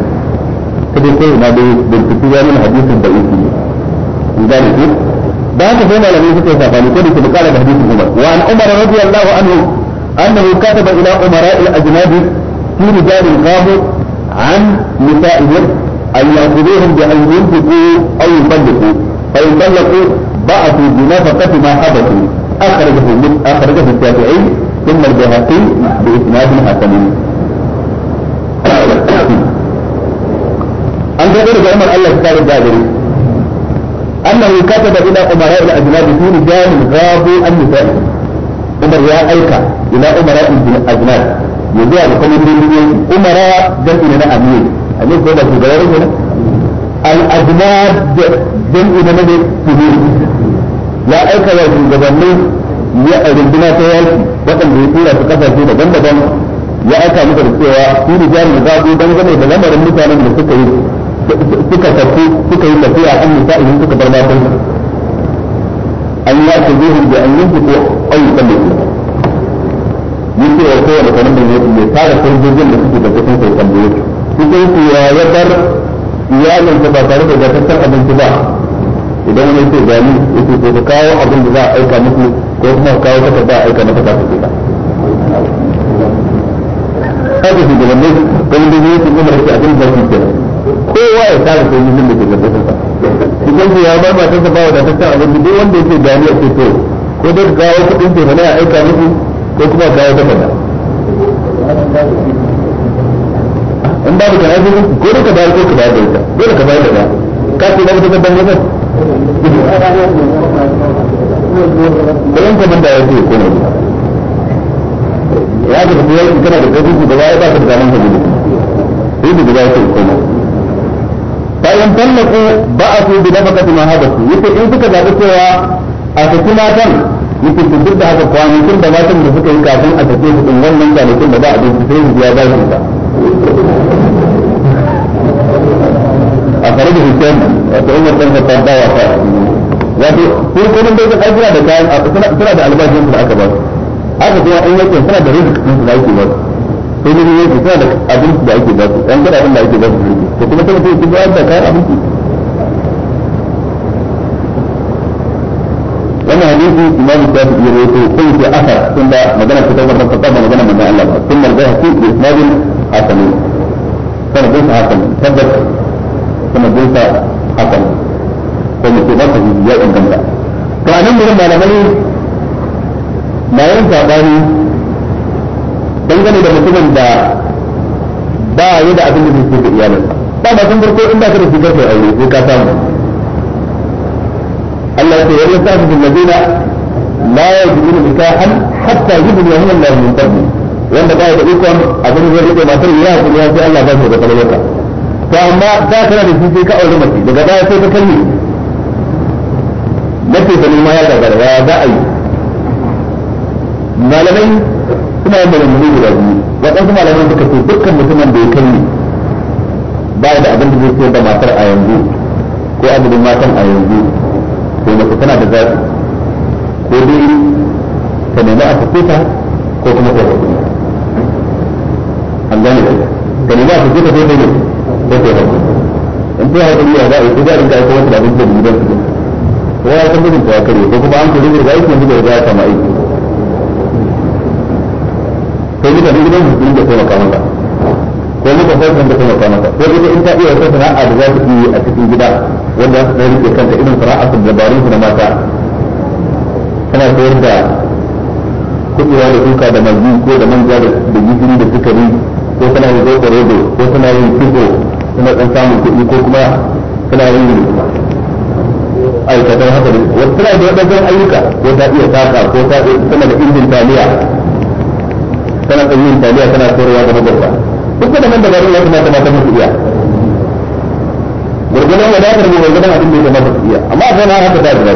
كده كده ما بنتكي من حديث الضعيف لذلك بعد هنا لم يكن سافر يقول في حديث عمر وعن عمر رضي الله عنه انه كتب الى امراء الاجناد في رجال قاموا عن نسائهم ان ياخذوهم بان ينفقوا او يطلقوا فيطلقوا بعثوا بنفقة ما حدثوا أخرجه أخرجه الشافعي ثم البيهقي بإسناد حسن عن جابر بن عمر الله كتاب الجابري أنه كتب إلى أمراء الأجناد في رجال غابوا النساء نسائهم عمر يا أيكا إلى أمراء الأجناد يبيع لكم المؤمنين أمراء جنبنا أمير أمير كذا في الأجناد جنبنا نبي كبير ya aika wa shugabannin ya a rinduna ta yaki waɗanda ya tura su kasashe daban-daban ya aika muka da cewa su da jari da zaɓi dangane da lamarin mutanen da suka yi suka tafi suka yi tafiya a nisa idan suka bar matan an yi ake zuhun da an yanki ko ayyukan da ke yin cewa kowane kwanan da ya fi tara sojojin da suke da cikin sai tambaye su sai su ya bar iyalinsa ba tare da gasassan abinci ba idan wani ce gani yake ko ka kawo abin da za a aika musu ko kuma ka kawo takarda a aika maka takarda ka haka shi gaban dai gaban dai yake kuma rake abin da shi kenan kowa ya tsara sai yin da ke gaban sa idan ya ba ba ta ba da ta tsara abin duk wanda yake gani a ce to ko dai ka kawo kudin a aika musu ko kuma ka kawo takarda in ba da kana ko da ka bayar ko ka bayar da ita dole ka bayar da ka ka ce da ta bayan kamar da ya ce ko ne ya ga kuma yau kana da kaji da ya ba ka da nan kaji sai da ya ce ko ne bayan tallaku ba a su bi nafaka tuma hada su yake in suka zaɓi cewa a saki matan yake su duk da haka tun da matan da suka yi kafin a sake su ɗin wannan kwanakin da ba a bin sai su biya ba su ba أخرج هشام وعمر بن الخطاب باع وفاء wato sun kuma dai kan suna da kayan suna da albashin da aka ba aka kuma in yake suna da rizik din da ake ba sai ne yake suna da abinci da ake ba su ɗan kuɗaɗen da ake ba su to kuma sai su bayar da kayan abinci wannan hadisi imamu shafi ya rawaito sai sai aka tunda magana ta tabbata ta tabbata magana manzon Allah sunnar da hakiki isnadin hasani sanadin hasani tabbata sanadin sa hakan ko mu ce ba ta ya inganta to anan gurin malamai na yin sabani dangane da mutumin da ba ya da abin da zai da iyalinsa ba ba sun farko inda ka da shigar kai aure sai ka samu Allah ya ce yayin sa su ladina la yajiduna nikahan hatta yi yahum Allah min fadli wanda ba ya da ikon abin da zai rike matar ya kuma sai Allah ba shi da talaka to amma da kana da shi sai ka aure mace daga baya sai ka kalli mace ta nema ya gagara ya za a yi malamai suna yin malamai guda biyu waɗansu malamai suka ce dukkan mutumin da ya kalli ba da abin da zai sayar da matar a yanzu ko adadin matan a yanzu to mace tana da zafi ko dai ta nemi a fukuta ko kuma ta hukuma an gane da ta nemi a fukuta ko ta nemi sai ta haƙuri in ta haƙuri ya za a yi ko za a rinka aiko wata abin da gidan su ko ya san gudun ya karye ko kuma an kuri da aiki yanzu da ya ya kama aiki ko mutanen gidan su sun da taimaka mata ko muka farkon da taimaka mata ko ita in ta iya wata sana'a da za ta yi a cikin gida wanda za su ɗan rike kanta irin sana'a su dabarun su na mata tana sayar da kuɗewa da kuka da magi ko da manja da gishiri da sukari ko tana yin zoɓo ko tana yin kiko suna ɗan samun kuɗi ko kuma suna yin aikatar haka da wasu suna da waɗannan ayyuka ko ta iya saka ko ta iya sama da injin taliya tana ɗan yin taliya tana sayarwa da mabarta duk da nan da garin ya kamata mata musu iya gurgunan wadatar ne gurgunan abin da ya kamata su iya amma a sai haka ta da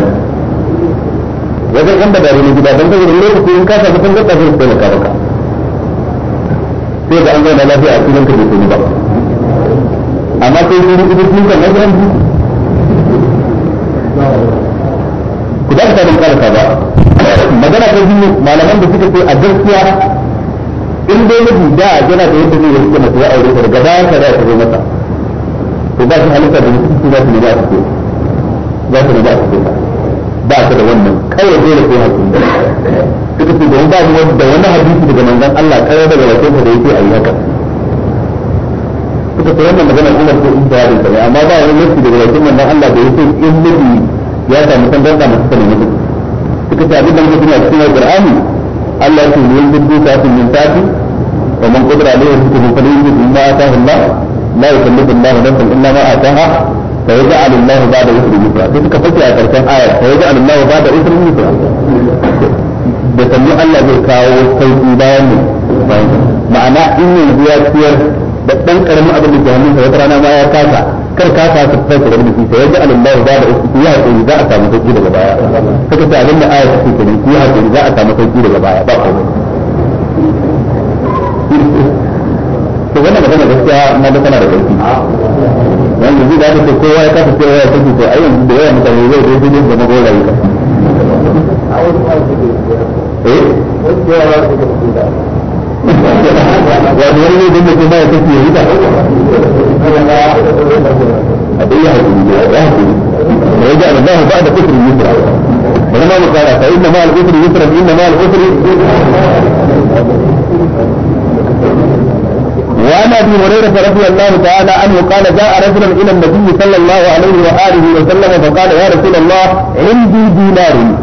wajen yan dabaru na gida don saboda lokaci in ka samu kan gaba zai taimaka maka sai ga an zauna lafiya a cikin ka bai ba amma sai sun rubuta cikin kan nan ku da ta dinka da ba magana ta biyu malaman da suka ce a gaskiya in dai miji da yana da yadda zai rike mace ya aure ta daga baya ta da ta zo mata to ba shi halitta da mutum za su ne ba su za su ne ba su ba ta da wannan kawai dole sai hakuri suka ce don ba da wani hadisi daga manzon Allah kawai daga wasu da yake yi haka suka ta wannan magana Allah ko in bayanin ta amma ba wani lokaci daga bakin manzon Allah da ce in nabi ya samu tantar da masu sanin mutum suka ta abin da mutum a cikin Qur'ani Allah ya ce yin dubu kafin min tafi wa man qadara alaihi rizqu fa falyunfiq mimma ataahu Allah la yukallifu Allah nafsan illa ma ataaha fa yaj'alu Allah ba'da usri yusra sai ka fake a karshen aya fa yaj'alu Allah ba'da usri yusra da sannu Allah zai kawo sauki bayan mu ma'ana in yanzu ya ciyar da dan karamin abin da ke hannunsa wata rana ma ya kasa kar ka sa ka fara da shi sai yaji alallahu ba da uku ya hakuri za a samu sauki daga baya kaka ta abin da aya ta ce ne ku hakuri za a samu sauki daga baya ba ko to wannan magana gaskiya na da tana da sauki wanda zai da ta kowa ya kasa sai ya sauki to ai yanzu da yawa mutane zai zai zai zama gora yi eh أنا أنا أنا أنا أنا أنا أنا أنا أنا أنا أنا أنا أنا أنا أنا وعن ابي هريره رضي الله تعالى عنه قال جاء رجلا الى النبي صلى الله عليه واله وسلم فقال يا رسول الله عندي دينار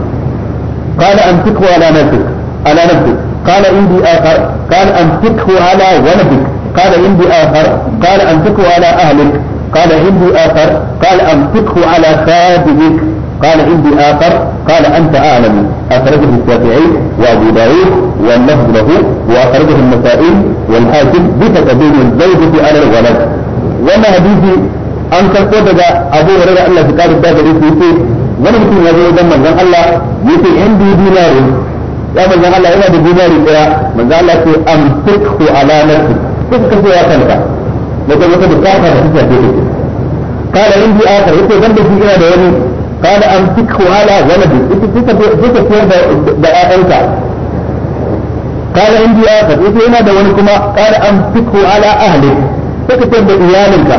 قال انفقه على نفسك على نفسك قال عندي آخر قال أنفقه على ولدك قال عندي آخر قال أنفقه على أهلك قال عندي آخر قال أنفقه على خادمك قال عندي آخر قال أنت أعلم أخرجه الشافعي وأبو داود واللفظ له وأخرجه النسائي والحاكم بتقديم الزوجة على الولد وما هديه أن karko أبو هريرة الله في كتاب kare يقول gare shi yace wani الله يقول عندي دينار ya manzan Allah yana da dinari daya manzan Allah ce an fikhu ala nafsi duk ka ce ya kanka na ga wata bukata da kuka ce take kada in bi aka yace zan da ina da wani kala an fikhu ala waladi ita kika kika ce da da ƴaƴanka kada in bi aka yace yana da wani kuma kala an fikhu ala ahli kika ce da iyalinka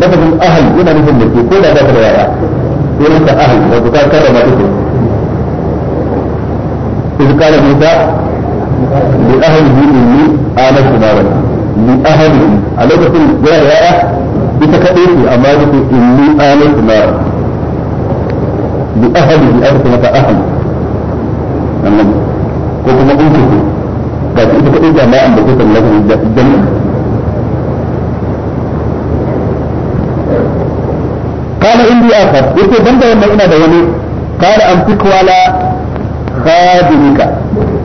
lafazin ahli yana nufin da ke ko da da yaya yana da ahli da ka da take إذ قال موسى لأهله إني آنست نارا لأهله على وقت جاء ita kaɗai ce amma da ke inni amin bi ahadi bi aka mata ahadi annabi ko in ce ce ga ta ita kaɗai ce amma an bace kan lafi jami'a ina da wani an خادمك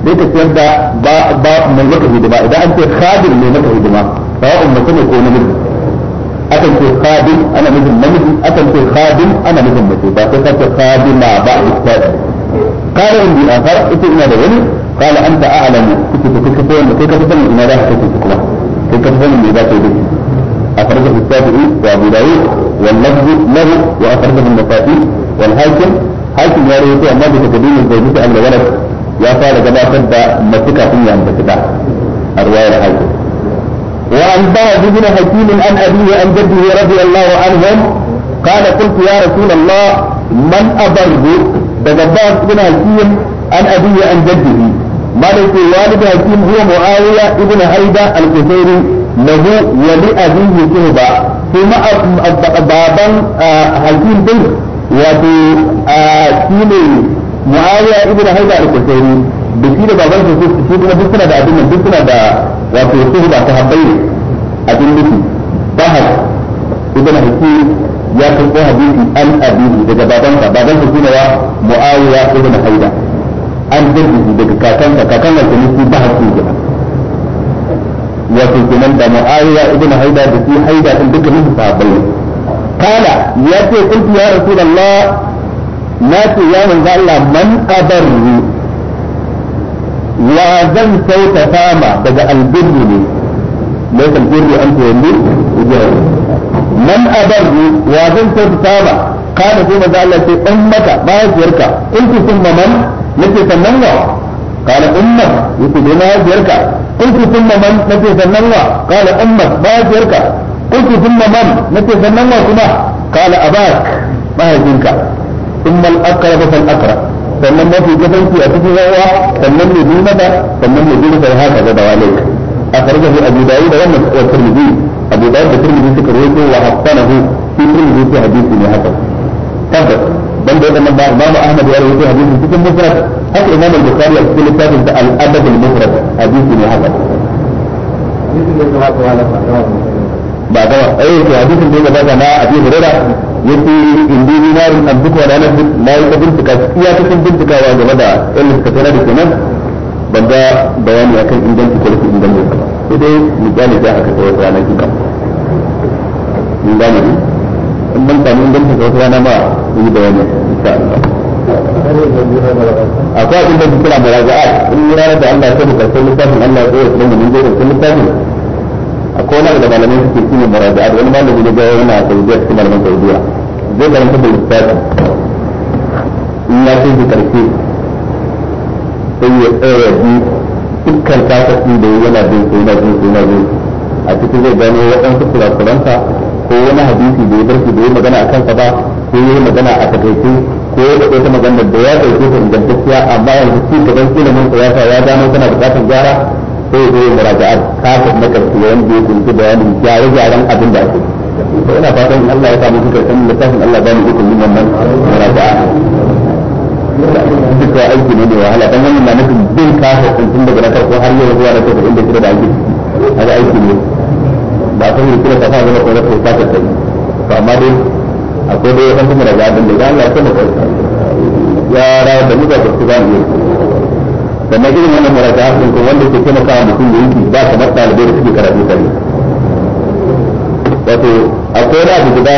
ليك تبدا با با من لك هدما اذا انت خادم من لك هدما فهو ام كل يكون من اكن خادم انا مثل من اكن خادم انا مثل من با كنت خادم با استاذ قال ان دي اثر انت ما دوني قال انت اعلم كنت كنت تقول لك كنت تقول لك ما راح كنت تقول لك كنت تقول لي ذاك يدي اخرجه الشافعي وابو داود واللفظ له واخرجه النسائي والهيكل hakim ya rawaito amma bisa dalilin bai bisa Allah wala ya fara gabatar da matuka kafin ya ambaci ta a riwayar hakim wa an ba'd ibn hakim an abihi an jaddihi radiyallahu anhum قال قلت يا رسول الله من أبرد بجبار بن حكيم عن أبي عن جده مالك والد حكيم هو معاوية ابن هيدا الكثيري له ولأبيه شهبة ثم بابا حكيم بن wato a shi ne haida al-kusairi da shi da baban kuma da abin da wato ta habbai abin duki bahar ibn ya hadisi an daga shine wa muawiya ibn haida an daga kakan ne shi wato da muawiya haida da shi haida din duka su kala ya ce kuntu ya rasulullah na ce ya manzo Allah man abarru wa zan sauta fama daga albirru ne laysa albirru an tuwalli ujra man abarru wa zan sauta fama kana sai manzo Allah ce ummaka mahaifiyarka kuntu thumma man wa قال أمك يقول ما يجرك قلت ثم من نجي سننوا قال أمك ما يجرك قلت ثم من نتفنن وكما قال أباك ما يجنك ثم الأقرب فالأقرب ثم ما في جفن في أتفه هو ثم من يجنك ثم من يجنك هكذا دواليك أخرجه أبي داود والترمذي أبي داود والترمذي تكريته وحطانه في ترمذي في حديث من هكذا هكذا بل بيت من بعض بعض أحمد يروي في حديث في المفرد حتى إمام البخاري يقول الثالث الأبد المفرد حديث من هكذا ba gama eh to hadisin da ya gabata na abi hurairah yace indi dinarin duka wa ranar na yi ta bincika iya cikin bincikawa game da ilmi suka tsara da kenan ban ga bayani akan inganci ko rashin inganci ba sai dai misali da aka tsaya rana kika mun gane ne in ban samu inganci ko rana ma yi bayani insha Allah akwai abin da kira muraja'a in da Allah ya tabbata littafin Allah ya tsaya da mun akwai wani da malamai suke shi ne muraja'a wani malami da gaya yana saudiya cikin malaman saudiya zai karanta da lissafi in ya ce shi karshe sai ya tsaya bi dukkan kasafin da yana bin su yana bin su yana bin a cikin zai gano waɗansu kurakuranta ko wani hadisi da ya bar shi da ya magana a kansa ba ko ya yi magana a takaice ko ya ɗauke ta magana da ya ɗauke ta ingantacciya amma yanzu ci gaban ilimin sa ya sa ya gano tana buƙatar gyara ko ya zo muraja'ar kafin na karshe wanda ya kunshi bayanin gyare-gyaren abin da ake to ina fatan Allah ya samu kuka san littafin Allah ba mu ikon yin wannan muraja'a duk da aiki ne da wahala dan wannan na nufin bin kafa tun daga na farko har yau zuwa na tafi inda kira da ake haka aiki ne ba san yi kira kafa zama kwanar kai kafa tsayi to amma dai akwai dai wasan kuma da zaɓin da ya Allah ya taimaka ya rawar da mu ba ba mu yi sannan irin wannan maraja hakan ko wanda ke taimakawa mutum da yanki ba kamar ɗalibai da suke karatu kare wato akwai na abu guda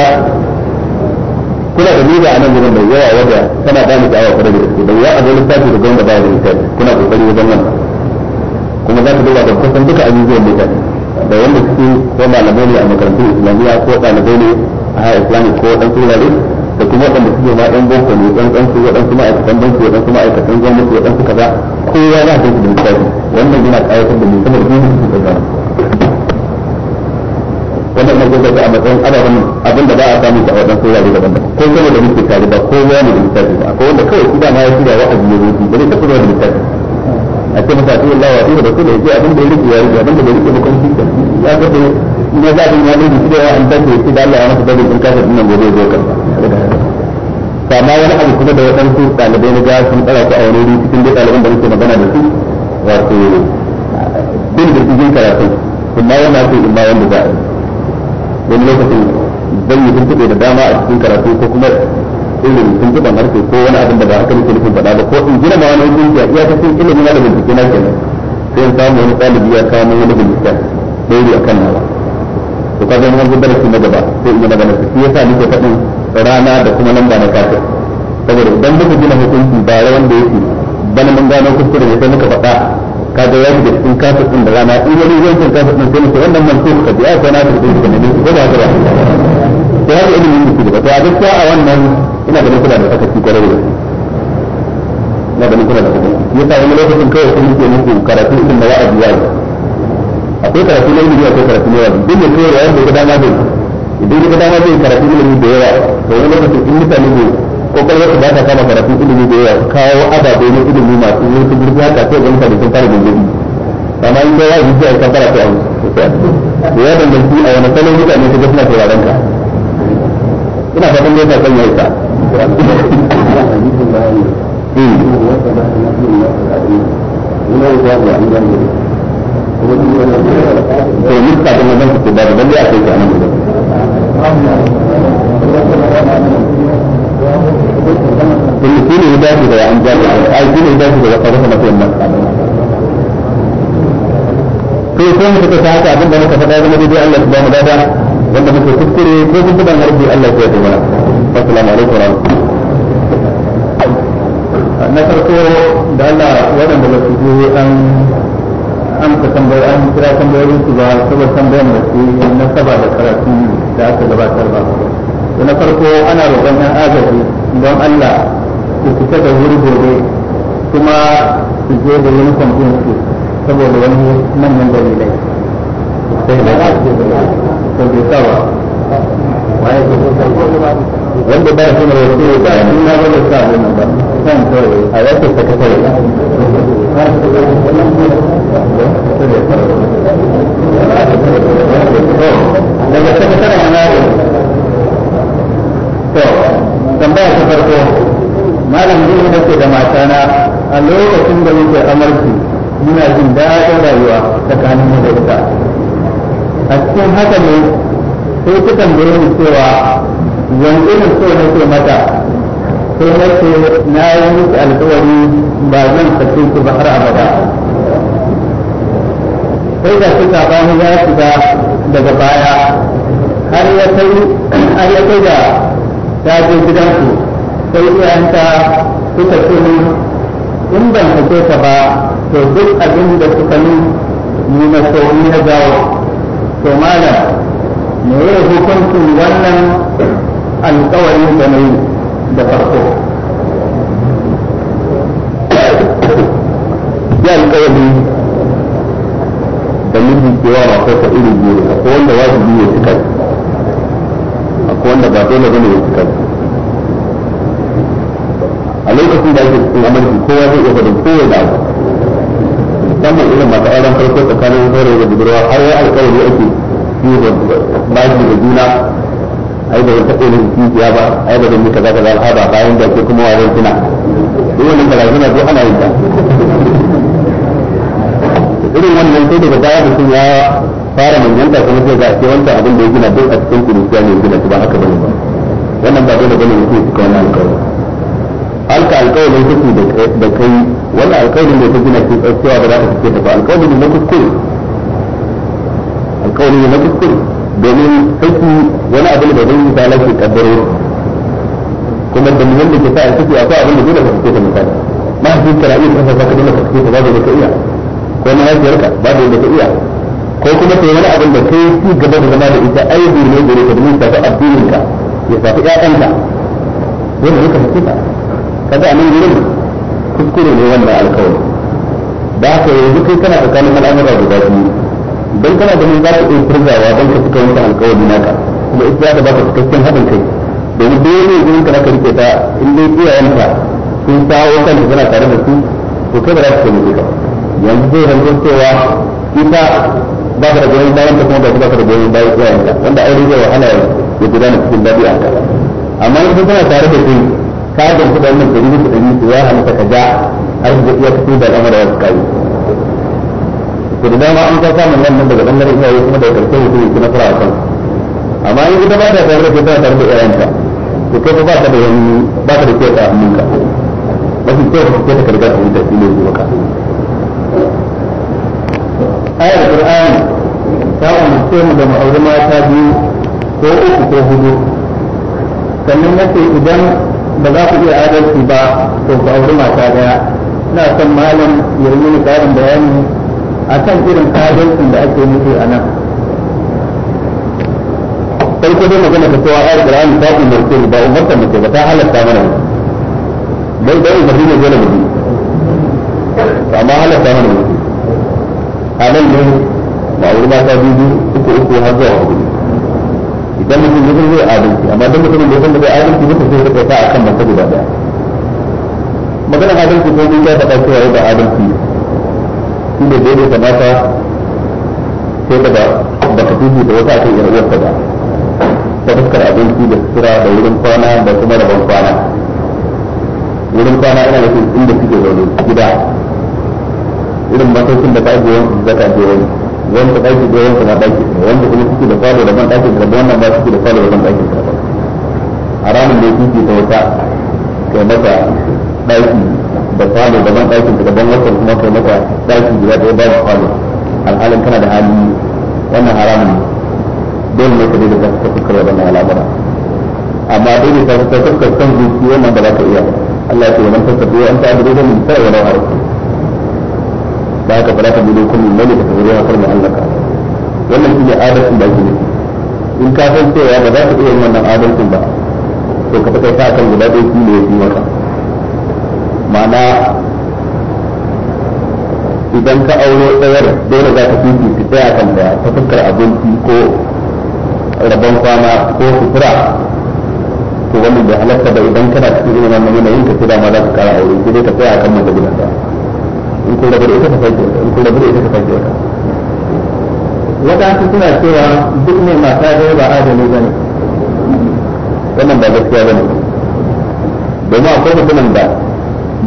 kuna da nuna a nan gurin mai yawa wadda tana ba mu sha'awa kwarai da gaske da ya abu littafi da gwamnati ba da littafi kuna kokari wajen nan kuma za ka duba da kusan duka abubuwan mutane da wanda suke ko malamai ne a makarantun islamiyya ko ɗalibai ne a islamic ko ɗan turare da kuma waɗanda suke ma ɗan boko ne ɗan ɗan su waɗansu ma'aikatan banki waɗansu ma'aikatan gwamnati su kaza kowa na da da wannan yana ƙayatar da mu da mu suke kaza wannan na gwamnati a matsayin ababen abin da ba a samu da waɗansu wurare daban-daban ko kuma da muke tare ba ko ne da lissafi ba akwai wanda kawai kida ma ya shirya wa'azi ya rubuta ba ta tafi da lissafi a ce masa tuwa lawa tuwa da kuma ya abin da ya rike ya rike abin da bai rike kuma shi ya ga ne za a yi wani da ya an tafi shi da Allah ya masa dalilin kafin nan gobe ya zo kama wani abu kuma da waɗansu ɗalibai na ga sun ɗara su a wani wuri cikin dai ɗaliban da muke magana da su wato bin da cikin karatun kuma yana so in ma wanda za a yi wani lokacin zan yi tuntuɓe da dama a cikin karatu ko kuma ilimi irin tuntuɓen harshe ko wani abin da ba haka nake nufin faɗa ba ko in gina ma wani kungiya iya ta ilimi na da bincike na kenan sai in samu wani ɗalibi ya kawo min wani bincike ɗauri a kan nawa to ka zama wani darasi na gaba sai in yi magana shi yasa nake faɗin rana da kuma lamba na kafir saboda idan muka gina hukunci ba rawan da yake bana mun gano kuskure ne sai muka faɗa ga ya da cikin kafir din da rana in wani zai cin kafir din sai mu ce wannan man ka biya ko na ka din ne ko ba ka ba sai haka ilimin yake da to a gaskiya a wannan ina ganin kuna da sakaci kwarai da na ganin kuna da sakaci yasa wani lokacin kawai sun yi ko karatu din da wa'azi ya ko karatu na ilimi ko karatu na wa'azi duk da kawai wanda ya dama da idan ka dama zai karatu ilimi da yawa to wani lokacin in mutane ne kokarin su ba ta kama karatu ilimi da yawa kawo ababe na ilimi masu yin su girgiya ka sai ganin da sun fara gungumi amma in kai ya yi ka fara ta da ya danganci a wani salon mutane su ga suna sauraron ka ina fatan dai ka san ka to mutta da nan ku da da ya kai ta nan da kullu kullu da ku da an jabi ai kullu da ku da ka fara mata to ko mu ta haka abin da muka faɗa zama dai Allah subhanahu wa ta'ala wanda muke kuskure ko kun tuban harbi Allah ya tabbata assalamu alaikum wa rahmatullahi na farko da Allah waɗanda ba su je an amsa tambayi an kira tambayoyin su ba saboda tambayar da su na saba da karatu da aka gabatar ba da na farko ana roƙon yan agaji don Allah su fita da wuri gobe kuma su je da wani kwamfin su saboda wani manyan dalilai sai da su ba wanda ba shi ne wasu ba in na ba da sa ne ba kan kawai a yake ta kafa ya daga sakatare na ne to tambaya ta farko malam zai nake da matana a lokacin da muke amarci muna jin daɗin rayuwa tsakanin mu da ita a cikin haka ne sai ta tambaye ni cewa yanzu na so na ce mata sai na ce na yi miki alkawari ba zan sake ba har abada sai da suka bani ya shiga daga baya har ya kai da ta je ku sai iyayenta suka ce min in ban sake ta ba to duk abin da suka min ni na so ni na jawo to malam me ya hukuncin wannan alƙawarin da na yi da farko ya alƙawarin da miji ko matarsa iri biyu a akwai wanda wajibi ya a kowane wanda ba dole bane ya kai a lokacin da ake cikin amurki kowa zai iya faɗin kowa da abu musamman irin masu auren farko tsakanin saurayi da budurwa har yi alkawari ake ciwo bayan da juna ai ba zan taɓa yin kijiya ba ai ba zan yi kaza kaza al'ada bayan da ke kuma wa zan tuna duk wannan barazana duk ana yin ta irin wannan sai daga baya mutum ya fara manyanta kuma sai ga ce wancan abin da ya gina duk a cikin kurusiya ne gina shi ba haka bane ba wannan ba dole bane mutum ya cika wannan alƙawari alka alƙawarin kuku da kai wannan alƙawarin da ta gina shi tsakiya ba za ka fice ta ba alƙawarin da na kuskure alƙawari na kuskure domin saki wani abin da zai yi ta lafi kaddaro kuma da mun da ke sa a saki akwai abin da dole ka sake ta misali ma su kira iya kasa ka dole ka sake ta babu da ka iya ko na hajiyarka babu da ka iya ko kuma ta wani abin da kai ci gaba da zama da ita aibu ne gare ka domin ta fi addininka ya tafi ƴaƴanka wanda duka sake ta kaga a nan gurin kuskure ne wannan alƙawari da haka yanzu kai kana tsakanin al'amura guda biyu dan kana da za ka iya turgawa dan ka fita wancan alkawari naka kuma ita za baka cikakken haɗin kai domin duk wani yanzu ka naka rike ta in dai iyayenka sun kawo kanta kana tare da su to kai ba za su taimake ka yanzu zai zanto cewa ita ba ka da goyon bayan ta kuma ba ka da goyon bayan ka wanda aure zai wahala ya gudana cikin daɗi a kai amma in kana tare da kai ka ga da nan da rike da su ya halitta ka ga har da iya fito da al'amuran da su kayi to da dama an ka samun nan nan daga bangaren iyaye kuma daga karshe mutum ya ci nasara a kansu amma in ita ba ta tare da kai tare da iyayenta to kai ba ta da wani ba ta da kyau a hannunka mafi kyau ka kyau ta karga ta wuta shi ne zuwa ka ayar qur'ani ta umarce mu da ma'auri mata biyu ko uku ko hudu sannan yace idan ba za ku iya adalci ba to ku auri mata daya ina son malam ya yi mini karin bayani a kan irin kajancin da ake nufi a nan ko dai magana ta cewa ayar Qur'an ta umarce ba umarta mace ba ta halatta mana ne dai dai umarni ne dole mu bi amma halatta mana ne a nan ne ba wuri ba ta biyu uku uku har zuwa hudu idan mutum ya zai adalci amma dan mutum da san da adalci ba sai ka ta akan mace guda daya magana adalci ko mun ta faɗa cewa ba adalci shi ne dai kamata sai da ba fi da wata kan yar uwarka ba ta fuskar abinci da sutura da wurin kwana da kuma rabon kwana wurin kwana ina da inda suke zaune gida irin matakin da ka ajiye wani da ka ajiye wani wanda ɗaki da wanda na ɗaki wanda kuma suke da kwalo da ban ɗaki da wannan ba suke da kwalo da ban ɗaki da a ranar da ya fifi ta wata kai mata ɗaki da kwano ban ɗakin da ban wasan kuma kai maka ɗakin guda ɗaya da kwano alhalin kana da hali wannan haramun ne dole ne ka daidai ta suka fuskar waɗannan al'amura amma daidai ta suka fuskar kan zuci wannan ba za ka iya Allah ya ce wannan biyu an ta dai daidai mun sai wa rawa da haka fara ka bi dai kullum ne ka tabbata kar mu Allah ka wannan ne adalcin da ake nufi in ka san cewa ba za ka iya yin wannan adalcin ba to ka fita ta kan guda ɗaya shi ne ya fi maka ma'ana idan ka aure tsayar dole za ka fifi ki tsaya kan da ta fuskar abinci ko rabon kwana ko sutura to wannan bai halatta da idan kana cikin irin wannan yanayin ka tsira ma za ka kara aure sai dai ka tsaya kan mata guda da in kun rabu da ita ka sake in kun rabu da ita ka sake wata wadansu suna cewa duk mai mata dai ba adali bane wannan ba gaskiya bane domin akwai mutumin da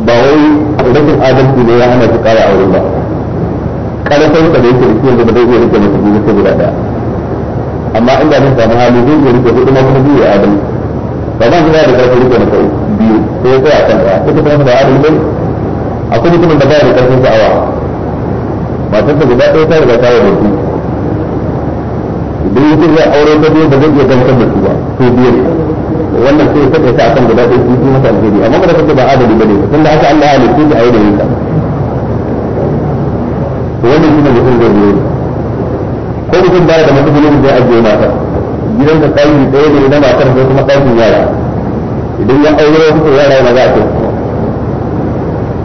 ba wai rashin adalci ne ya hana su kara aure ba karfin da yake da ba zai iya rike mutum biyu sai guda daya amma inda zai samu hali zai iya rike hudu mafi biyu ya adalci ba zan da karfin rike na biyu sai ya tsaya kan daya ita kuma da adalci bai akwai mutumin da ba da karfin sha'awa matarsa guda ɗaya ta riga ta yi rubutu idan yake zai aure ta biyu ba zai iya gamsar da su ba biyar wannan sai ya saka akan guda ɗaya sun masa alheri amma ba da kake ba adali bane tun da haka Allah ya halitta a yi da yinka to wannan mutum zai yi ko mutum ba da ne zai ajiye mata gidan ka tsayi ɗaya ne na matar ko kuma ɗakin yara idan ya aure wasu ko yara maza a kai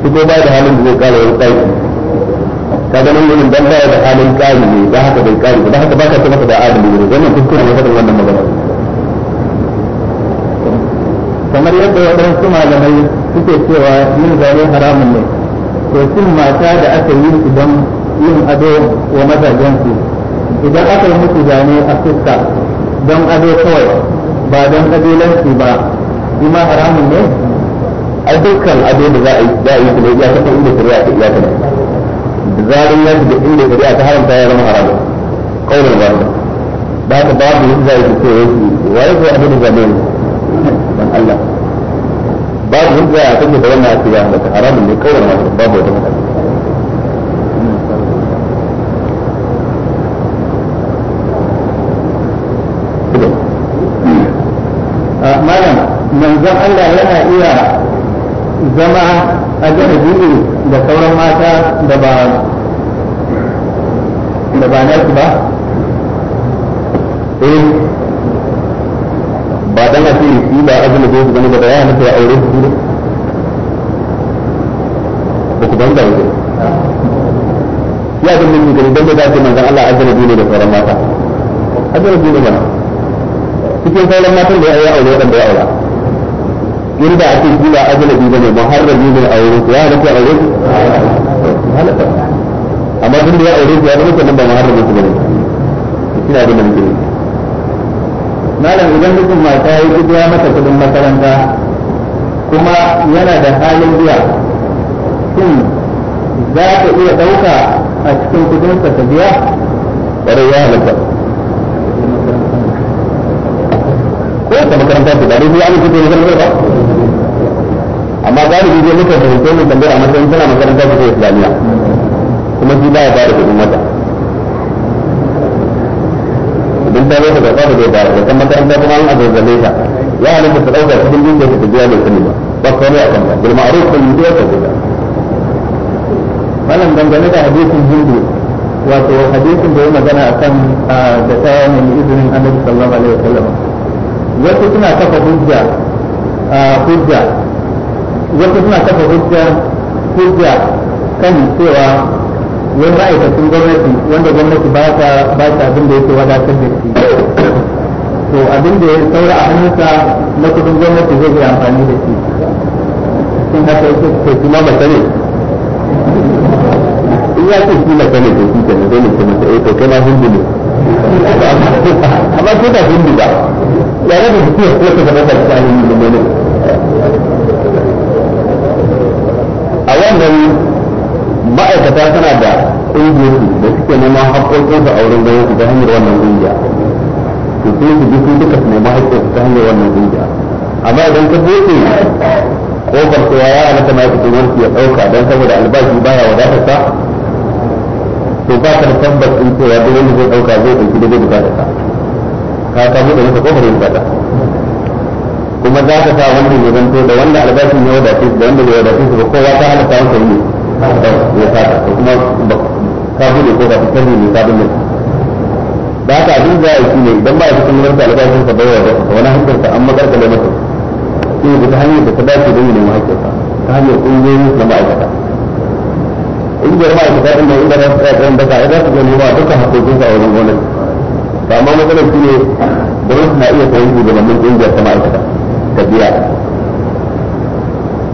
ko ba da halin da zai kare wani ɗaki ka ga nan gurin dan ba da halin kari ne ba haka bai kari ba haka ba ka ce masa da adali ne wannan kuskure ne faɗin wannan magana kamar yadda waɗansu malamai suke cewa yin zane haramun ne to cin mata da aka yi su don yin ado wa su idan aka yi musu zane a fuska don ado kawai ba don ƙabilanci ba ima haramun ne a dukkan ado da za a yi su ya tafi inda shari'a ta iyaka ne da zarin ya shiga inda shari'a ta haramta ya zama haramun kaunar ba da haka babu yadda za a yi su ce wai ko abin da zane ne manzon Allah babu hujja ya sanya da wannan ake ya halatta haramun ne kawai ma babu wata mutane malam manzon Allah yana iya zama a jarabi ne da sauran mata da ba da ba na ba eh ba dan a ce shi ba azumi ko su da ya halatta ya aure su ne ba ku ban da wuce ya zama mun gani dan da zai manzon Allah azumi da sauran mata azumi ne ba cikin sauran matan da ya yi aure da ya aura in da ake shi ba azumi bane muharrami ne a wurin ya da aure amma tun da ya aure su ya zama nan ba muharrami ne na da muke malam idan mutum mata ya ji ya mata kudin makaranta kuma yana da halin biya shin za ka iya dauka a cikin kudin ka ta biya bare ya halatta ko ta makaranta ta bare biya mutum ya zama ba amma galibi zai muka da mu tambaya a matsayin tana makaranta ta islamiya kuma shi ba ya ba kudin mata in ta zai karɓa ba zai bayar da kan makaranta kuma an azazzale ta ya halitta ta ɗauka cikin dukiyar ta biya mai sani ba ba kawai a kanta bil ma'ruf kun yi ta guda wannan dangane da hadisin hindu wato hadisin da ya magana akan da ta nemi izinin annabi sallallahu alaihi wasallam wasu suna kafa hujja hujja wasu suna kafa hujja hujja kan cewa wai ma'aikacin gwamnati wanda gwamnati ba ta ba ta abin da yake wadatar da shi to abin da ya saura a hannunsa na kudin gwamnati zai yi amfani da shi sun haka yake ce kuma mata in ya ce kuma mata ne shi kenan dole ce mata eh to kai hindu ne amma ko da hindu ba ya rabu da ko ta gaba da shi ne a wannan ma'aikata tana da ƙungiyoyi da suke neman haƙoƙinsu a wurin gwamnati ta hanyar wannan ƙungiya to sai su duk duka su neman haƙoƙinsu ta hanyar wannan ƙungiya amma idan ka buɗe ƙofar cewa ya halatta ma'aikacin wani ya ɗauka don saboda albashi baya wadatarsa to ba ka da tabbas in cewa duk wanda zai ɗauka zai ɗauki da zai bukatarsa ka samu da wata ƙofar yin bukata kuma za ka sa wanda ya zanto da wanda albashin ya wadace da wanda bai wadace su ba kowa ta halatta wanda yi ya sata ko kuma ka bude ko ka fi canji ne sabon ne da haka abin da ya ne idan ba ya fi kamar da albashin sa bayar da wani hankar sa an makar da mata shi ne ta hanyar da ta dace don yi neman haƙƙinsa ta hanyar ƙungiyoyi na ma'aikata in da ma'aikata ɗin da inda za su tsaya tsayin baka za su ga nema dukkan haƙƙoƙinsa a wajen gwamnati to amma matsalar shi ne gwamnati na iya sayan shugabannin ƙungiyar ta ma'aikata ta biya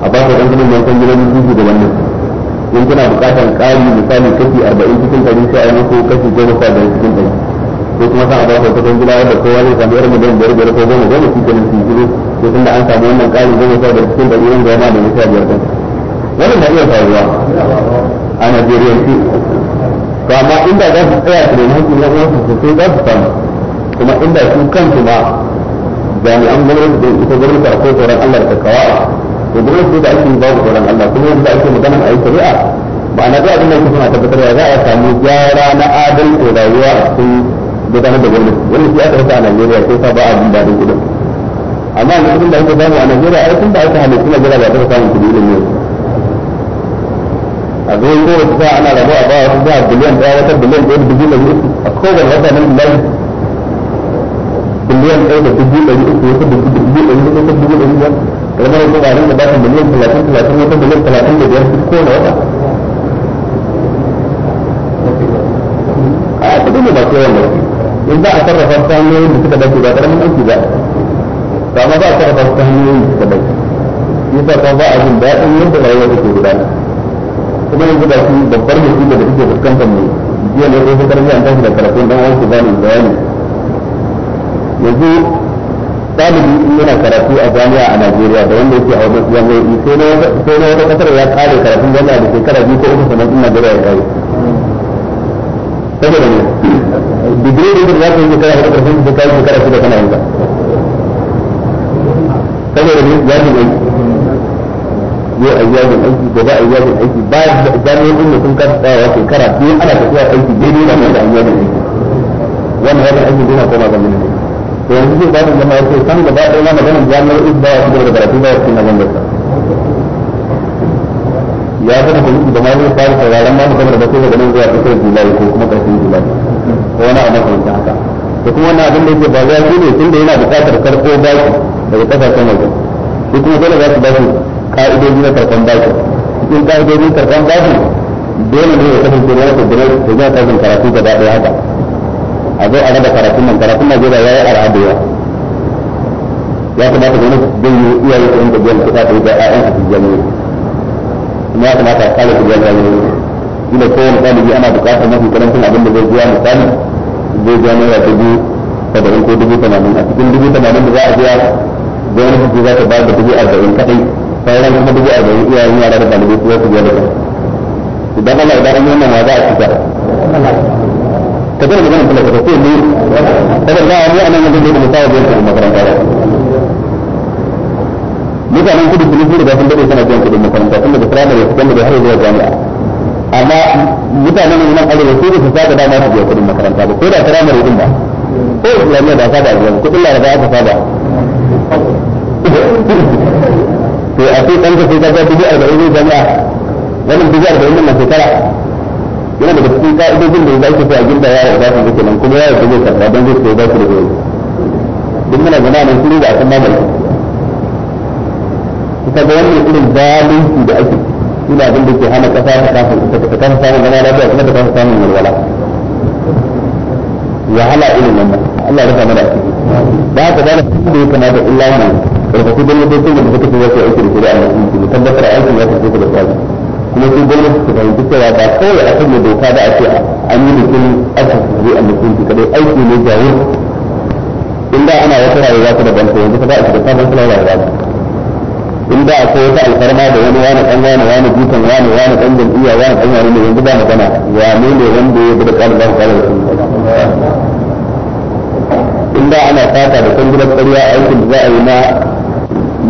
a ba su ɗan kudin yankan gidan su shugabannin in kuna bukatar ƙari misali kashi arba'in cikin ɗari sai a yi muku kashi goma sha biyar cikin ɗari ko kuma sa a ba ku kusan gida yadda kowa zai samu irin miliyan biyar biyar ko goma goma shi kenan sun yi ko tunda an samu wannan ƙari goma sha biyar cikin ɗari wanda ya da sha biyar ɗin wannan na iya faruwa a Najeriya shi to amma inda za su tsaya su nemi hakkin na uwansu sosai za su samu kuma inda su kansu ma jami'an gwamnati da ita gwamnati ko tsoron Allah da kawawa to da yadda da ake babu Allah kuma ake magana a yi shari'a ba na ga abin da yake suna tabbatar za a samu gyara na adalci rayuwa a cikin gudanar da gwamnati wannan shi aka rasa a Najeriya ba a jin daɗin kuɗin amma a lokacin da ake samu a Najeriya ai tun da aka halittu Najeriya ba ta samun kuɗi irin a zo yi kowace sa ana rabu a bawa su biliyan ɗaya wata biliyan ɗaya da dubu ɗari uku a kowane wata nan lai biliyan ɗaya da dubu ɗari uku wata dubu ɗari uku wata dubu ɗari biyar kamar ko ba rinka bakin miliyan talatin talatin wata miliyan talatin da biyar ko na wata a kudin da ba kowa ne in za a sarrafa su hanyoyin da suka dace ba karamin aiki ba ba ma za a sarrafa su hanyoyin da suka dace yasa ka ba abin daɗin yadda rayuwa take gudana kuma yanzu da shi babbar musiba da take fuskantar mu jiya ne ko fitar jiya an tashi da karatu dan wani su bani bayani yanzu dalibi yana karatu a jami'a a Najeriya da wanda yake a wajen jami'o'i sai na wata kasar ya kare karatun jami'a da shekara biyu ko uku sannan in Najeriya ya kare. Saboda ne, digiri da za ka yi shekara da karfin da kayi shekara shida kana yin ka. Saboda ne, ya ji aiki. Yau a yajin aiki, gaba a yajin aiki, ba da jami'o'in da sun kasa tsayawa shekara biyu ana tafiya aiki daidai da mai da yajin aiki. Wannan yajin aiki yana koma ga mini. to yanzu zai ba da zama ya ce san gaba ɗaya na maganin jami'ar is ba ya shigar da karatu ba ya cikin abin da ya zama da da ma fara sauraron ma musamman da bakwai daga nan zuwa kasar julai ko kuma ƙarshen julai ko wani abu makamancin haka da kuma wani abin da yake ba za ne tun da yana buƙatar karɓo baki daga ƙasashen waje shi kuma dole za su ba su ka'idoji na karɓan baki cikin ka'idojin karɓan baki dole ne ya kasance wani da gina tsarin karatu gaba ɗaya haka a zo a raba karatun nan karatun Najeriya ya yi arha da yawa ya kamata gwamnati zai yi iyaye su rinka biyan kuɗa da ga ƴaƴan a cikin jami'a kuma ya kamata a kare su biyan jami'a ina kowane ɗalibi ana buƙatar mafi karancin abin da zai biya misali zai biya naira dubu saba'in ko dubu tamanin a cikin dubu tamanin da za a biya gwamnati ce za ta bayar da dubu arba'in kaɗai sauran kuma dubu arba'in iyayen yara da ɗalibai su za su biya da kansu idan Allah idan an yi wannan ma za a cika ka gane magana kula ka ko ne kada ba mu anan mun da mutawa da kuma makaranta ba mutanen kudu sun yi da sun dade suna biyan kudin makaranta tun daga primary second da har zuwa jami'a amma mutanen nan arewa sai su saba da ma su kudin makaranta ba ko da primary din ba ko islamiyya ba saba biyan kudin laraba aka saba to a sai kanka sai ka ga dubu arba'in jami'a wannan dubu arba'in nan shekara yana daga cikin ka'idojin da za ki fi a ginda ya yarda kan kake nan kuma ya yarda zai karɓa don zai ba shi da gobe duk muna zama nan shiru da akan mamaki kuka ga wannan irin zalunci da ake ina abin da ke hana ta ta samun zama lafiya kuma ta samun walwala wahala irin Allah ya rufa mana ciki da haka da su da ya kamata illa mu karfafi don mutum da suka fi wasu aiki da kuma a cikin tabbatar aikin ya tafi da tsari kuma sai gwamnati ta fahimci cewa ba kawai a kan doka ba a ce an yi bikin aka fi a mutunci kadai aiki ne jawo in da ana wata rayuwa ta daban ko yanzu ka ba a shiga sabon kula rayuwa in da akwai wata alfarma da wani wani dan wani wani dukan wani wani dan jam'iyya wani dan wani ne yanzu ba magana wane ne wanda ya bada kalmar da kalmar in da ana fata da kan gidan ƙarya aikin da za a yi na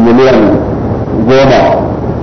miliyan goma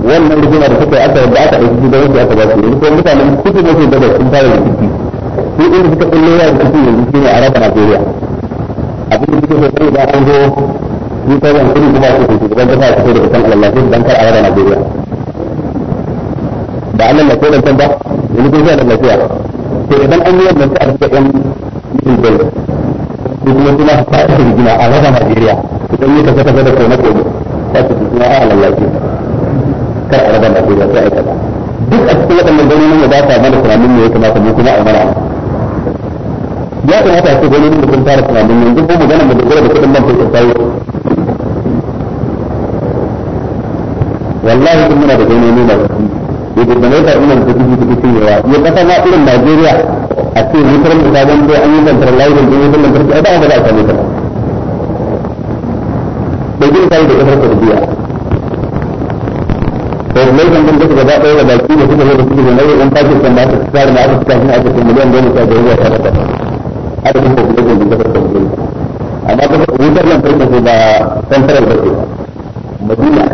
wannan rigima da suka yi aka yadda aka ɗauki shugabanci aka ba su yanzu ko mutanen kudu da su gaba sun fara rikici su inda suka ɓullo ya rikici yanzu shi ne a raba Najeriya abin da suke so da an zo su sauran kudu kuma su ke shugaban kasa a fito daga kan Allah sai a raba Najeriya da Allah na da can ba yanzu kun sa da lafiya to idan an yi wannan sai a rika yan mutum bai su kuma suna fata rigima a raba Najeriya idan yi kasa kasa da kone kone sai su kuma a lalace kar a raba Najeriya sai ai ba duk a cikin waɗannan gwamnati ba ta mana tunanin ne ya kamata mu kuma a mana ya kamata a ce gwamnati da sun fara tunanin ne duk mu gana mu dogara da kuɗin man fetur sai wallahi kun muna da gwamnati ba ya da mai ta ina da kuɗi kuɗi sun yawa ya kasa na irin Najeriya a ce mutar da ta zanto an yi zantar layin da ya zantar lantarki a ba a ba za a same ta ba. Bai gina ta yi da kasar amerikan din duka gaba ɗaya da baki da suka zo da suke zanar yan pakistan ba ta tsara da aka tsara suna aka ce miliyan goma sha biyar zuwa sha takwas har da kuma kuma gudun kasar saudiya amma kuma wutar lantarki ce ba central ba ce madina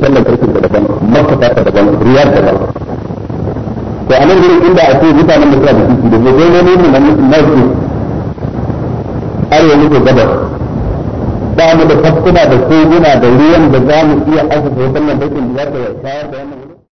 ta lantarki da daban makka ta daban riyad daban to a nan gurin inda a ce mutanen da suna da titi da zai ne ne na mutum na su arewa muke gabas ba mu da fasuna da koguna da ruwan da za mu iya aka sai wannan bakin da za ta shayar da wannan